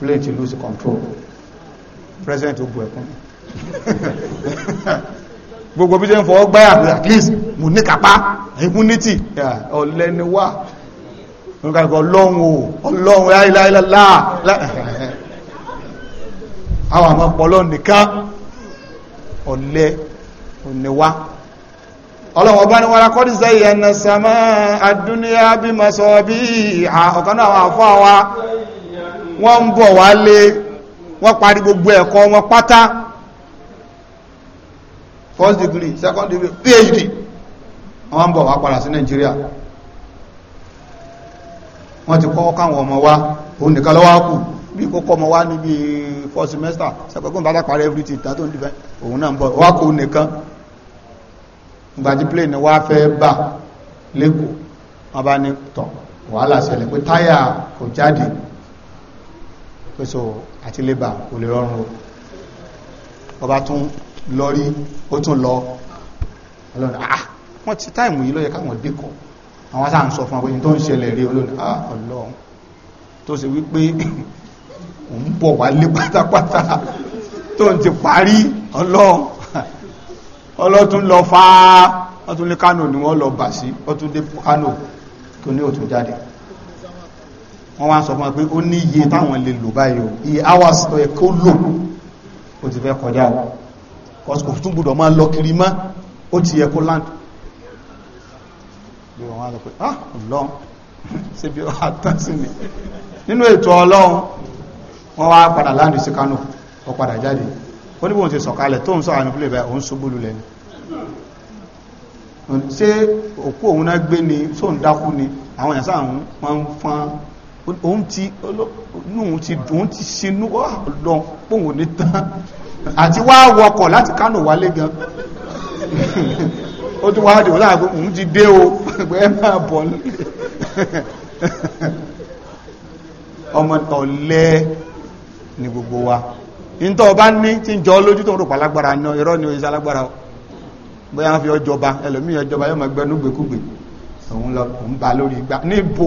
plane ti lose control president ó bu ẹkún gbogbo bí ṣe ń fọwọ́ gbáyà pé at least mo ní kápá immunity ọ̀lẹ́ni wà nígbàgbọ́ ọlọ́run o ọlọ́run láìláìláà àwọn àmọ́ pọ̀lọ́ nìkan ọ̀lẹ́ òníwá ọlọ́wọ́ bá ní wọ́n rákọ́dí sẹ́yẹ̀ ẹ̀nà sàmá àdúníyà bí mọ́sọ̀ bí ọ̀kan náà àwọn àfọ́ àwọn wọ́n ń bọ̀ wálé wọ́n parí gbogbo ẹ̀kọ́ wọn pátá first degree second degree phd wọ́n ń bọ̀ wá padà sí Nàìjíríà wọ́n ti kọ́ káwọn ọmọ wa òun nìkan lọ́wọ́ kù bí kókọ́ ọmọ wa níbi four semester sẹ́kọ̀ọ́kùn bá dápàá everything tàbí òun dìbẹ̀ òun náà ń bọ̀ wá kù nìkan gbàjí plane wá fẹ́ bà lẹ́kọ̀ọ́ wọ́n bá ní tọ̀ wàhálà ṣẹlẹ̀ pé táyà kò jáde pèsò àti lébà kò lè rọrùn o ọba tún lọ rí ó tún lọ ọlọ́run ah, ah wọ́n ti táìmù yìí ló yẹ káwọn dìkọ̀ àwọn sáà ń sọ fún akóyin tó ń ṣẹlẹ̀ rí olóòrùn ah ọlọ́run tó sì wípé òun bọ̀ wálé pátápátá tó ń ti parí ọlọ́run ọlọ́tún lọ fáá ọtún ní kánò ni wọ́n lọ bà sí ọtún dé kánò tó ní òtún wọ́n wá sọ fún wọn pé ó ní iye táwọn lè lò báyìí o iye hours tó yẹ kó lò ó ti fẹ́ kọjá o tún gbọdọ̀ máa lọ kiri mọ́ ó ti yẹ land ah, ni nínú ètò ọlọ́run wọ́n wá padà land sí Kano ó padà jáde ó ní bóun ti sọ̀kalẹ̀ tó ń sọ àwọn ìpínlẹ̀ báyìí òun ṣubú lulẹ̀ ni ṣé òkú òun náà gbé ni tó ń dákú ni àwọn èèyàn sáà ń fọn òun ti olóòun ti dùn ti sinú ọ̀lọ́ pòun ní tán àti wá wọkọ̀ láti Kánò wálé gan ó tún wá dìbò láàgbé òun ti dé o ẹ máa bọ̀ nílé ọmọ ọ̀lẹ́ ni gbogbo wa nítorí ọba ní tí ń jọ lójú tó ń lágbára ní irọ́ ni oṣù alágbára bóyá fi ọjọba ẹlòmíì ọjọba yóò máa gbẹnúgbèkúgbè òun lọ òun bá lórí ìgbà níbo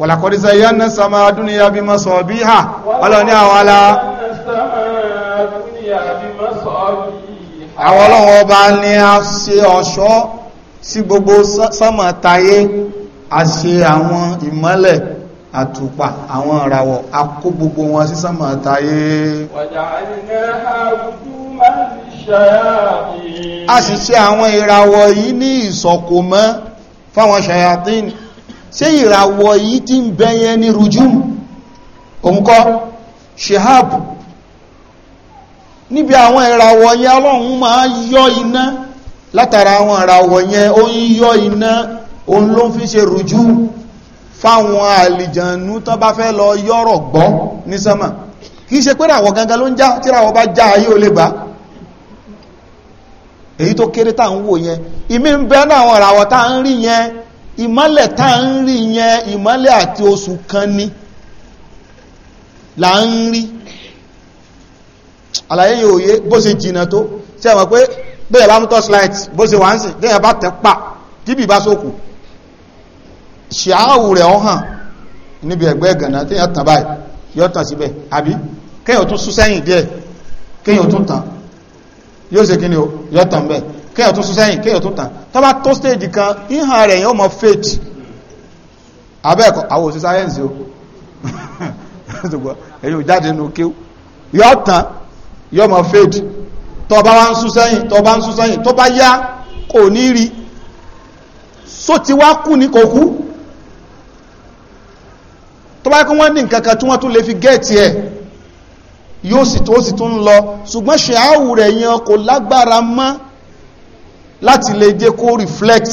wàlàkọ́dí sayá ní sàmà dúnìyà bí mọ́ sọ bí hà ọlọ́ni àwọn alá àwọn ọlọ́wọ́ ọba ni a ṣe ọ̀ṣọ́ sí gbogbo sánmà tayé a ṣe àwọn ìmọ́lẹ̀ àtùpà àwọn ìràwọ̀ a kó gbogbo wọn sí sánmà tayé a sì ṣe àwọn ìràwọ̀ yìí ní ìsọ̀kò mọ́ fáwọn ṣàyàtíni ṣé ìràwọ̀ yìí ti ń bẹ̀yẹn ní rujum òǹkọ́ shihab níbi àwọn ìràwọ̀ yẹn ọlọ́run máa yọ iná látara àwọn ìràwọ̀ yẹn ó ń yọ iná òun ló fi ṣe rujum fáwọn àlìjànú tán bá fẹ́ lọ yọ́rọ̀ gbọ́ ní sánmà kìí ṣe pé ràwọ̀ gangan ló ń já tí ràwọ̀ bá já ayé ò bá èyí tó kéré tá ń wò yẹn ìmí ń bẹ náà àwọn ràwọ̀ tá ń rí yẹn ìmọ́lẹ̀ tá à ń rí yẹn ìmọ́lẹ̀ àti oṣù kan ni là ń rí àlàyé yóò yé bó ṣe jìnà tó ṣe mọ̀ pé bẹ́ẹ̀ bá mú torchlight bó ṣe wà ń sìn bẹ́ẹ̀ bá tẹ̀ pa tíbi bá sókù ṣàáwù rẹ̀ ọ̀hàn níbi ẹ̀gbẹ́ ẹ̀gànnà tí yàn tàn báyìí yóò tàn síbẹ̀ àbí kéèyàn tún sún sẹ́yìn díẹ̀ kéèyàn tún tàn yóò ṣe kí ni yóò tàn bẹ́ẹ̀ kéèyàn tún sún sẹ́yìn kéèyàn tún tàn tó bá tó stage kan ìhàn rẹ̀ yóò mọ faith abẹ́ẹ̀kọ́ àwọn òsì sáyẹ́ǹsì o ṣùgbọ́n ẹ̀yìn òjáde nù kí yóò tàn yóò mọ faith tó bá wá ń sún sẹ́yìn tó bá ń sún sẹ́yìn tó bá yá kò ní rí só ti wá kú ní kò kú tó bá kí wọ́n ní nǹkan kan tí wọ́n tún lè fi gẹ́ẹ̀tì ẹ̀ yóò sì tó sì tún lọ ṣùgbọ́n ṣe áwù rẹ̀ yan kò lágbára mọ́ láti lè jẹ́ kó reflect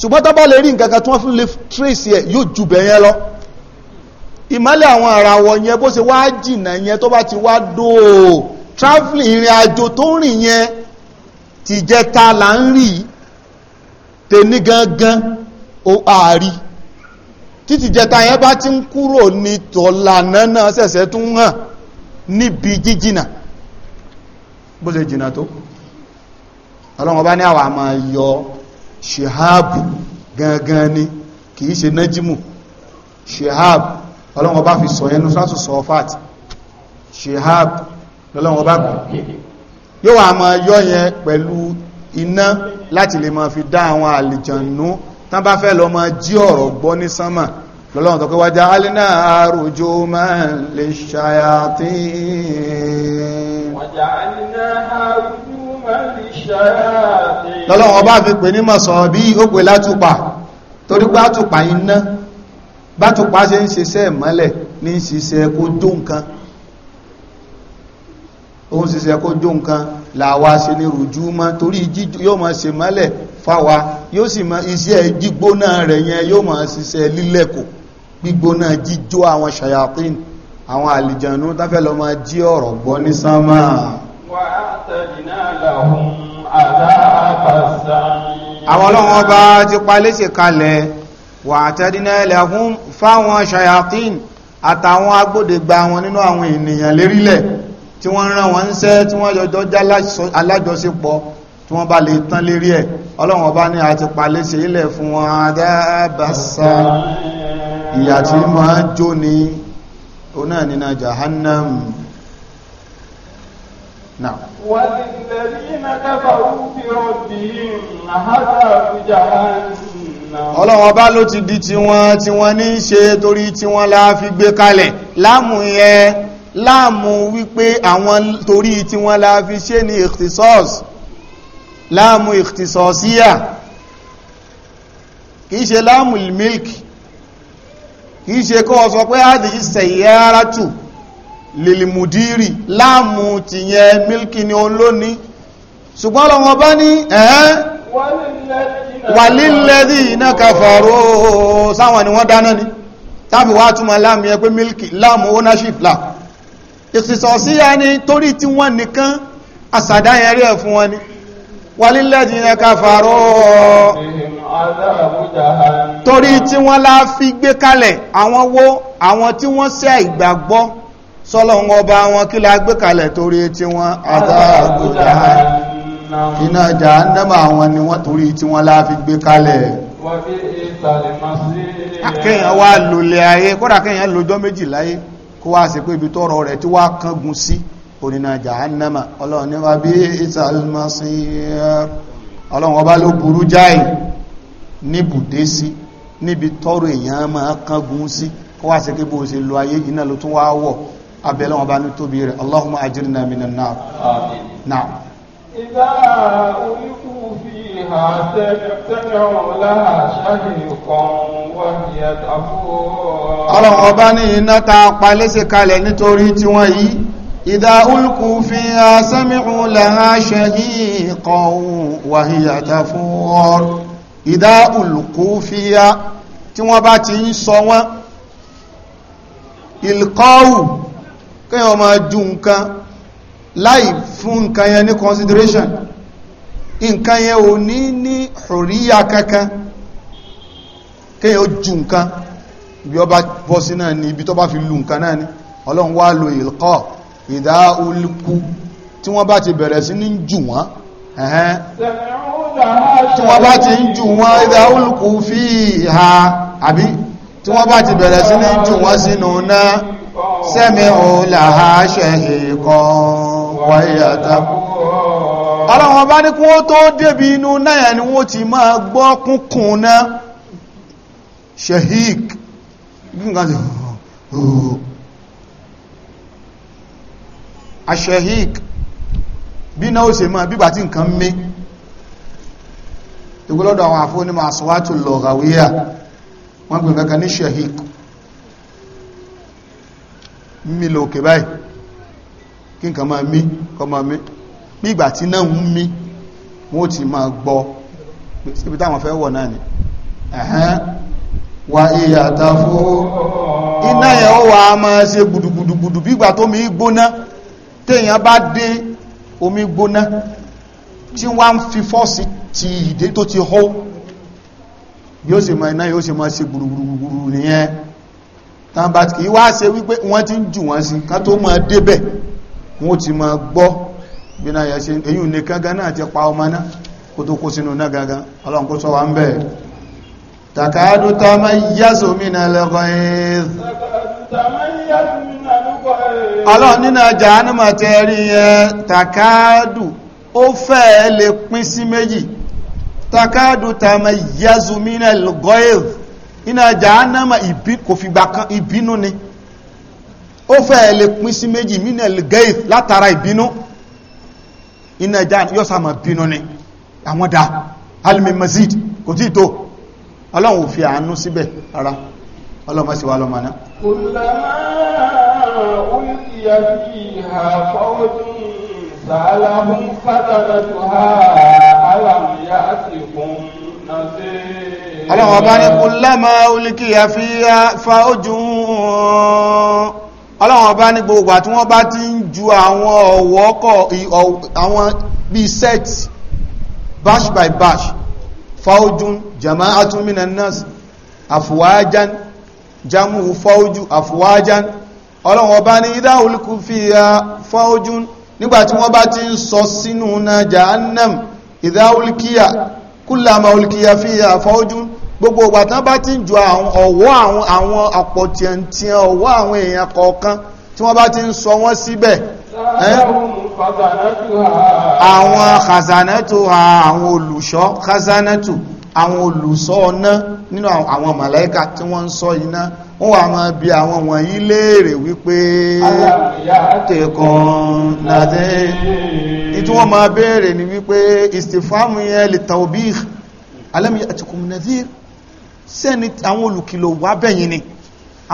ṣùgbọ́n tó bá lè rí nǹkan kan tí wọ́n fi lè trace ẹ̀ yóò ju bẹ̀yẹn lọ ìmọ́lẹ̀ àwọn àràwọ̀ yẹn bó ṣe wá jìnnà yẹn tó bá ti wá dóò traveling ìrìn àjò tó rìn yẹn ti jẹ́ ta là ń rí tèmi gangan ó àárí títí jẹta yẹn bá ti ń kúrò ní tọ̀lànà náà ṣẹ̀ṣẹ̀ tún hàn níbi jíjìnà bó ṣe jìnnà tó kù ọlọ́run bá ní àwọn àmà yọ ṣeháàbù gangan ni kìí ṣe nájímù ṣeháàbù ọlọ́run bá fi sọ ẹnu sátù sọ fat ṣeháàbù lọ́lọ́run bá gbà yóò wà àmà yọ yẹn pẹ̀lú iná láti lè máa fi dá àwọn àlìjànú tán bá fẹ́ lọ máa jí ọ̀rọ̀ gbọ́ ní sánmà lọ́lọ́run tó kí alínà àrùjò máa lè ṣàyàtí wàjá alínà àrùjò lọ́lọ́wọ́ bá fi pè ní mọ̀sán bí ó pè látùpà torí pé àtùpà iná bátùpà ṣe ń ṣiṣẹ́ ìmọ́lẹ̀ ní ṣiṣẹ́ kó jó nǹkan òun ṣiṣẹ́ kó jó nǹkan làwa ṣe ní rùjú mọ́ torí yóò máa ṣe mọ́lẹ̀ fáwa yóò sì máa iṣẹ́ gbígbóná rẹ̀ yẹn yóò máa ṣiṣẹ́ lílẹ̀kùn gbígbóná jíjó àwọn ṣayatin àwọn àlìjànú táfẹ́ lọ jí ọ̀rọ̀ gbọ́ ní sánmà àwọn ọlọ́run ọba ti palẹ́sẹ̀ kalẹ̀ wà àtẹ́dínà ẹlẹ́hún fáwọn ṣayatín àtàwọn agbódegba wọn nínú àwọn ènìyàn lérílẹ̀ tí wọ́n rán wọn ń ṣẹ́ tí wọ́n jọjọ́ já alájọṣepọ̀ tí wọ́n bá lè tán lérí ẹ̀ ọlọ́run ọba ní àti palẹ́sẹ̀ ilẹ̀ fún wọn adábàṣà ìyà tí máa jó ni onáà nínú jahannam نعم والذين كفروا بربهم عذاب جهنم ọlọ́run ọba ló ti di tiwọn tiwọn ní í ṣe torí tiwọn la fi gbé kalẹ̀ láàmù yẹn láàmù wípé àwọn torí tiwọn la fi ṣe ní ikhtisas láàmù ikhtisasiya kìí ṣe láàmù milk kìí ṣe kọ́ ọ sọ pé àdìsẹ̀ yára tù Lilimudiri, láàmù ti yẹn mílkì ni olóní ṣùgbọ́n lọ́wọ́ bá ní ẹ̀ẹ́ wàlílẹ́dì iná kàfàró sáwọn ni wọ́n dáná ni tàbí wá túnmọ̀ láàmù yẹ pé mílkì láàmù ownership là ìsìsọ̀síyá ni torí tí wọ́n nìkan àsàdáyẹrí ẹ̀ fún wọn ni wàlílẹ́dì iná kàfàró torí tí wọ́n lá fi gbé kalẹ̀ àwọn wo àwọn tí wọ́n ṣẹ̀ ìgbàgbọ́ sọ́lọ́hun ọba wọn kí la gbé kalẹ̀ torí tí wọ́n àtàgùdà iná jahannama àwọn ni wọ́n torí tí wọ́n láfi gbé kalẹ̀ kéèyàn wá lòlẹ̀ ayé kódà kéèyàn lójọ́ méjì láyé kó wá sí pé ibi tọ́rọ rẹ̀ tí wá kángun sí onínà jahannama ọlọ́run ní wá bí ìsàlmásí ọlọ́run ọba ló burú jáì níbùdé sí níbi tọ́rọ èèyàn máa kángun sí kó wá sí pé bó ṣe lo ayé yìí náà ló tún wá wọ̀ abẹ́lẹ́ wọn bá ní tóbi rẹ̀ allahumma ajirna minan nar na'am idha uliku fiha sami'u laha shahiqan wa hiya tafur ọlọ́run ọba ní iná ta pa lẹ́sẹ̀ kalẹ̀ nítorí tí wọ́n yìí idha uliku fiha sami'u laha tí wọ́n bá ti ń sọ wọ́n ilqaw kéèyàn máa ju nǹkan láì fún nǹkan yẹn ní consideration nǹkan yẹn ò ní ní hùríyà kankan kéèyàn ju nǹkan bí ọba bọ́ sí náà ni ibi tó bá fi lu nǹkan náà ni ọlọ́run wá lo ìlkọ́ ìdá olùkú tí wọ́n bá ti bẹ̀rẹ̀ sí ní jù wọ́n tí wọ́n bá ti ń jù wọ́n ìdá olùkú fi ìhà àbí tí wọ́n bá ti bẹ̀rẹ̀ sí ní jù wọ́n sínú náà sẹ́mìhù làhá ṣẹ̀hì kan wáyàtà ọlọ́wọ́n bá ní kí wọ́n tó débi inú náà ni wọ́n ti máa gbọ́ kúnkùn náà ṣẹ̀hìk aṣẹ̀hìk bí náà ó ṣe máa bíbà tí nǹkan mé ìgbọ́lọ́dọ̀ àwọn àfónímọ̀ àsọwátò lọ̀gàwíyà wọ́n gbẹ̀rẹ̀ ní ṣẹ̀hìk mí lókè báyìí kí nǹkan máa mí kọ́ máa mí bí ìgbà tí náà ń mí wọ́n ti máa gbọ́ síbi táwọn fẹ́ wọ̀ náà ni ẹ̀hẹ́n wà ìyàtà fún iná ẹ̀ ó wà á máa ṣe gbùdùgbùdùgbùdù bí ìgbà tó mi gbóná téèyàn bá dé omi gbóná tí wọ́n ń fi fọ́ọ̀sì ti ìdé tó ti hó yóò sì máa iná yóò sì máa ṣe gbùdùgbùdùgbùdù nìyẹn tán bá kì í wá ṣe wípé wọ́n ti ń jù wọ́n sí ká tó máa débẹ̀ wọ́n ti máa gbọ́ bíná yẹ ṣe èyí ní kángan náà ti pa ọmọ náà kó tó kó sínú náà gangan ọlọ́run kó sọ wá ń bẹ̀ takadu tamayyazu minal ghayz ọlọ́run nínú jahannama tẹ́ rí yẹn takadu ó fẹ́ẹ̀ iná jahannama ìbí kò fìgbà kan ìbínú ni ó fẹ́ lè pín sí méjì mínà gẹ́ẹ̀f látara ìbínú iná jahannama yọ́ sàmà bínú ni àwọn dá alimi mazid kò tí tó ọlọ́run ò fi àánú síbẹ̀ rárá ọlọ́mọ sí wa lọ́mọ náà sàálàmù fàtàlàtù ha alàmìyà àti ìkùn nàzírí ọlọ́run ọba ní kullama ulqiya fiha faujun ọlọ́run ọba ní gbogbo àti wọ́n bá ti ń ju àwọn ọ̀wọ́ kọ̀ àwọn bíi set bash by bash faujun jama'atun minan nas afwajan jamu fauju afwajan ọlọ́run ọba ní idha ulqu fiha faujun nígbàtí wọ́n bá ti ń sọ sínú na jahannam idha ulqiya kullama ulqiya fiha faujun gbogbo ìgbà tán bá ti ń ju ọ̀wọ́ àwọn àwọn ọ̀pọ̀tìẹ̀ntìẹ̀ ọ̀wọ́ àwọn èèyàn kọ̀ọ̀kan tí wọ́n bá ti ń sọ wọ́n síbẹ̀ àwọn khazanatu àwọn olùṣọ́ khazanatu àwọn olùṣọ́ ọ̀nà nínú àwọn màláíkà tí wọ́n ń sọ iná wọ́n wà máa bi àwọn wọ̀nyí léèrè wípé tẹ̀kàn nàdé ìtí wọ́n máa béèrè ni wípé istifamu yẹn li tawbih sẹ́ni àwọn olùkìlọ̀ wà bẹ̀yìn ni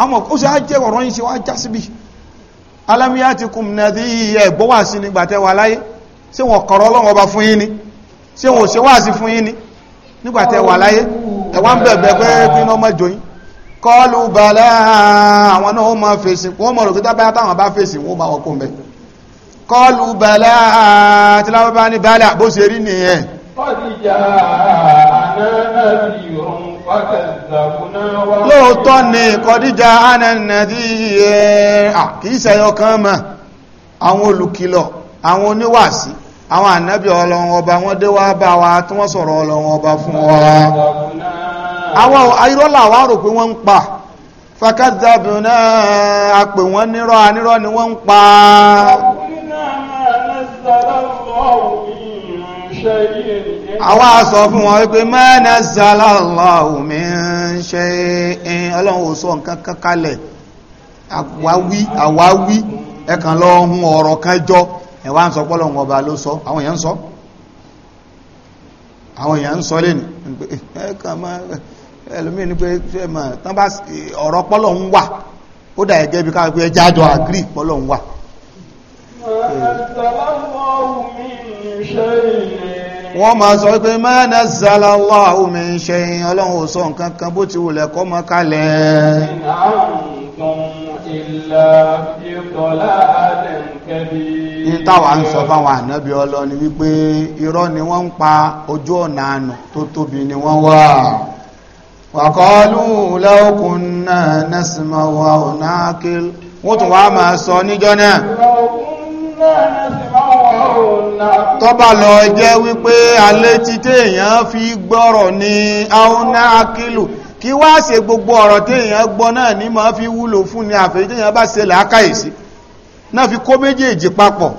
àwọn ọmọ ó sì á jẹ́ ọ̀rọ̀ yìí ṣe wá já síbi alámíyá ti kùn náà tí iye ẹ̀gbọ́ wà sí nígbà tẹ́ wà láyé ṣé wọn kọ̀rọ̀ ọlọ́wọ́ bá fún yín ni ṣé wọn ṣe wá sí fún yín ni nígbà wà láyé ẹ̀wà bẹ̀bẹ̀ pé kí iná mọ́jọ yín kọlu bàlá àwọn náà ó máa fèsì wọn mọ̀ lòkítà báyà táwọn bá fèsì wọn bá wọn kó mbẹ kọlu bàlá àti ní bàlá bó rí nìyẹn lóòótọ́ ni kọdíjà anẹ́nẹ́dí kìí sẹ́yọ kan mọ̀ àwọn olùkìlọ̀ àwọn oníwàásí àwọn ànábì ọlọ́run ọba wọ́n dé wá bá wa tí wọ́n sọ̀rọ̀ ọlọ́run ọba fún wa àwọn ayírọ́là wá rò pé wọ́n ń pa fakadàbùn náà a pè wọ́n nírọ́ àwọn àsọ fún wọn wípé ma nazzala Allahu ṣe shay'in ọlọ́run sọ nǹkan kan àwáwí àwáwí ọ̀rọ̀ kan jọ ẹ̀wà ń sọ pọ́lọ̀ ọba ló sọ àwọn èèyàn sọ àwọn èèyàn ń sọ lẹ́nu ẹ̀kan máa ẹlòmíì ní pé ṣe mọ̀ tán bá ọ̀rọ̀ pọ́lọ̀ ń wà ó dà bí ẹjá jọ àgírí pọ́lọ̀ ń wọ́n máa sọ pé ma nazzala Allahu min shay'in ọlọ́run ò sọ nǹkan kan bó ti wùlẹ̀ kọ́ mọ́ kalẹ̀. ní táwa ń sọ fáwọn ànábì ọlọ́ni wípé irọ́ ni wọ́n ń pa ojú ọ̀nà àánú tó tóbi ni wọ́n wà. wàkọ́lù lẹ́ọ̀kùn náà nẹ́sìmọ̀ wà kí wọ́n tún wá máa sọ níjọ́ náà tọ́bà lọ jẹ́ wípé alé ti téèyàn fi gbọ́rọ̀ ní aúná akílù kí wá ṣe gbogbo ọ̀rọ̀ téèyàn gbọ́ náà ní ma fi wúlò fún ni àfẹ́ téèyàn bá ṣe làákàyèsí náà fi kó méjèèjì papọ̀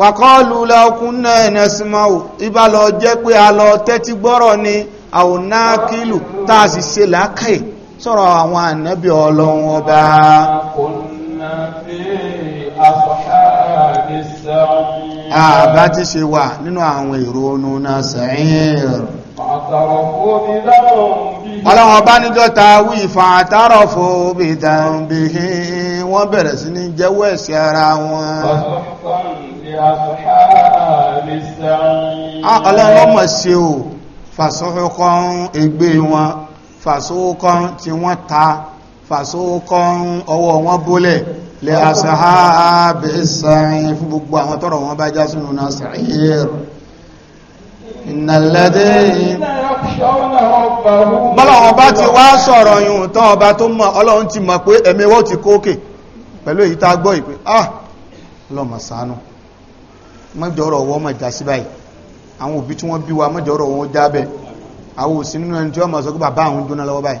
wàkọ́ọ̀lù lọ́kún náà nẹ́sìmáwò ibà lọ jẹ́ pé a àbá ti ṣe wà nínú àwọn èrò onúna sa'ir ọlọ́wọ́n bá níjọ́ ta wí ìfà àtàrọ̀fò bí dàmbì wọ́n bẹ̀rẹ̀ sí ní jẹ́wọ́ ara wọn ah, ọlọ́wọ́n mọ̀ ṣe o fàṣọ́kọ́ wọn tí wọ́n ta ọwọ́ wọn bólẹ̀ lè àṣàhà bẹ̀ẹ́ sàárín fún gbogbo àwọn tọ́rọ wọn bá já sínú náà sàárín ọba ti wá sọrọ yu ọba ma pé ti kókè pẹ̀lú èyí tá gbọ́ ìpé ah lọ́mọ̀ sánú mọ́jọ́rọ̀ mọ̀ sí báyìí àwọn òbí tí wọ́n bí wa mọ́jọ́rọ̀ àwọn òsì sọ àwọn jóná lọ́wọ́ báyìí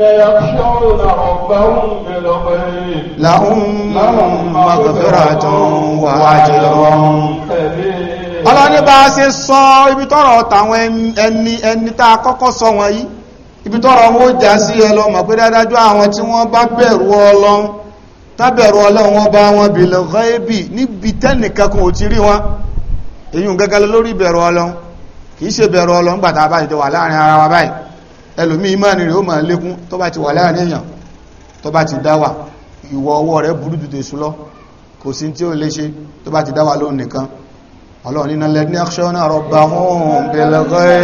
الذين يخشون ربهم بالغيب لهم مغفرة وأجر ọlọ́ni bá a ṣe sọ ibi tọ́rọ̀ tàwọn ẹni ẹni tá a kọ́kọ́ sọ wọn yìí ibi tọ́rọ̀ wọn ó já sí ẹ lọ mọ̀ pé dájú àwọn tí wọ́n bá bẹ̀rù Ọlọ́run tábẹ̀rù Ọlọ́run wọn bá wọn bil ghaibi níbi tẹ́nìkan kò ti rí wọn èyí gẹ́gẹ́ lórí ìbẹ̀rù Ọlọ́run kì í ṣe bẹ̀rù Ọlọ́run gbàtà báyìí ẹlòmí ìmáàni rẹ̀ ó máa lékún tó bá ti wà láàrin èèyàn tó bá ti dáwà ìwọ ọwọ́ rẹ̀ burú jù tèṣù lọ kò sí tí ó lè ṣe tó bá ti dáwà lóhun nìkan ọlọ́run nínú lẹ́ni akṣọ́nà rọ̀bà hún bẹ̀lẹ̀gẹ́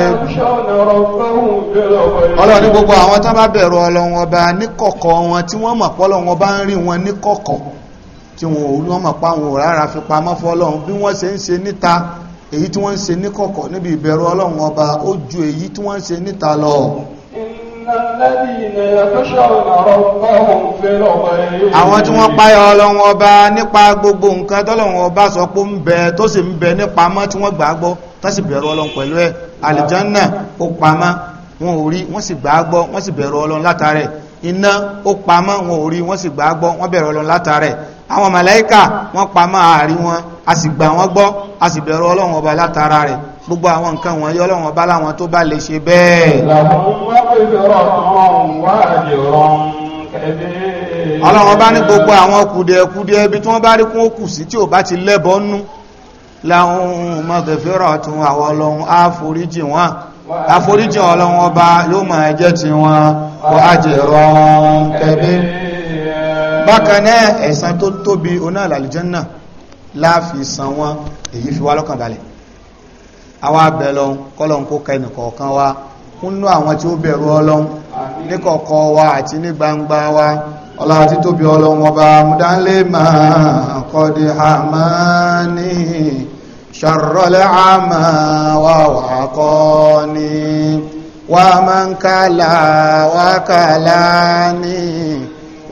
ọlọ́run ní gbogbo àwọn tán bá bẹ̀rù ọlọ́run ọba níkọ̀kọ̀ wọn tí wọ́n mọ̀ pọ́lọ́run ń rí wọn níkọ̀kọ̀ níbi ìbẹ̀rù ọlọ́run ọba ó ju èyí tí wọ́n ń ṣe níta lọ àwọn tí wọ́n páyà ọlọ́run ọba nípa gbogbo nǹkan tọ́lọ́run ọba sọ pé ń bẹ tó sì ń bẹ nípa mọ́ tí wọ́n gbàgbọ́ tó sì bẹ̀rù ọlọ́run pẹ̀lú ẹ̀ àlìjánà ó pamọ́ wọn ò rí wọ́n sì gbàgbọ́ wọ́n sì bẹ̀rù ọlọ́run látàrẹ̀ iná ó pamọ́ wọn ò rí wọ́n sì gbàgbọ́ wọ́n bẹ̀rù ọlọ́run látàrẹ̀ àwọn màláíkà wọ́n pamọ́ àárí wọn a sì gbà wọ́n gbọ́ a sì bẹ̀rù ọlọ́run ọba látara rẹ̀ gbogbo àwọn nǹkan wọ̀nyí ọlọ́run bá láwọn tó bá lè ṣe bẹ́ẹ̀ ọlọ́run bá ní gbogbo àwọn kùdẹ̀kùdẹ̀ ibi tí wọ́n bá rí kún òkù sí tí ò bá ti lẹ́bọ̀ nú láwọn mọ̀gẹ̀fẹ́rọ̀ tún àwọn ọlọ́run àforíjì wọn àforíjì ọlọ́run ọba yóò mọ̀ ẹjẹ́ ti wọn wọ́n àjẹ̀rọ̀ kẹbí bákan náà ẹ̀san tó tóbi oná àlàlìjẹ́ náà láàfi san wọn èyí fi wá lọ́kàn balẹ̀ àwa bẹ̀ lọ́n kọ́lọ́n kó wa kúnnú àwọn tí ó bẹ̀rù ọlọ́n níkọ̀ọ̀kọ̀ wa àti ní gbangba wa ọlọ́run tí tóbi ọlọ́run ọba múdánlé máa kọ́dí àmà ní ṣàrọ̀lẹ́ àmà wà wà kọ́ ní wà ń wà ní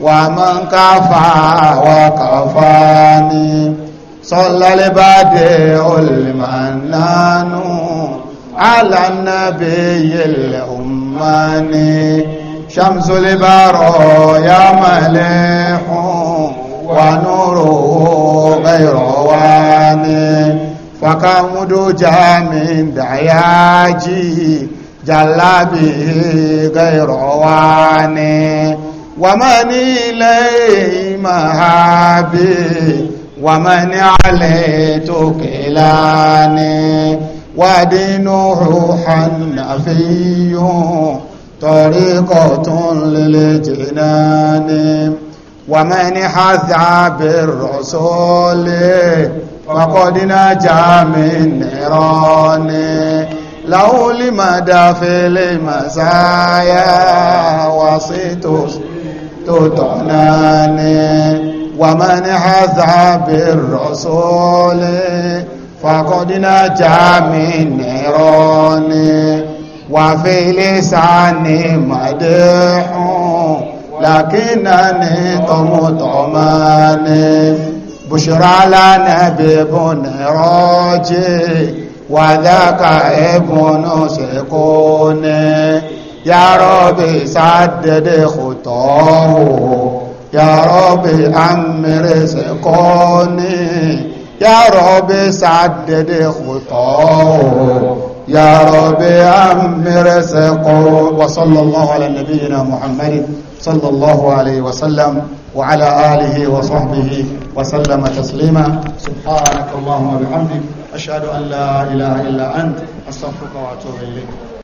wà ń káfà wà صلى البديع المنان على النبي الأماني شمس البرايا مليح ونوره غير واني فكم دجى من دعياجي جل به غير واني ومن إليه مهابي ومن عليه توكلاني ودينه حنفي طريقة للجنان ومن حذى بالرسول فقد نجا من نيران له لمدى في المزايا وسط تطعنان ومن عذى بالرسول فقد نجا من نيران وفي لساني مدح لكنني طمطمان بشرى لنا بابن راجي وذاك ابن سكون يا ربي سدد خطاه يا رب عم رزقني يا رب سدد خطاه يا رب عم رزقه وصلى الله على نبينا محمد صلى الله عليه وسلم وعلى آله وصحبه وسلم تسليما سبحانك اللهم وبحمدك أشهد أن لا إله إلا أنت أستغفرك وأتوب إليك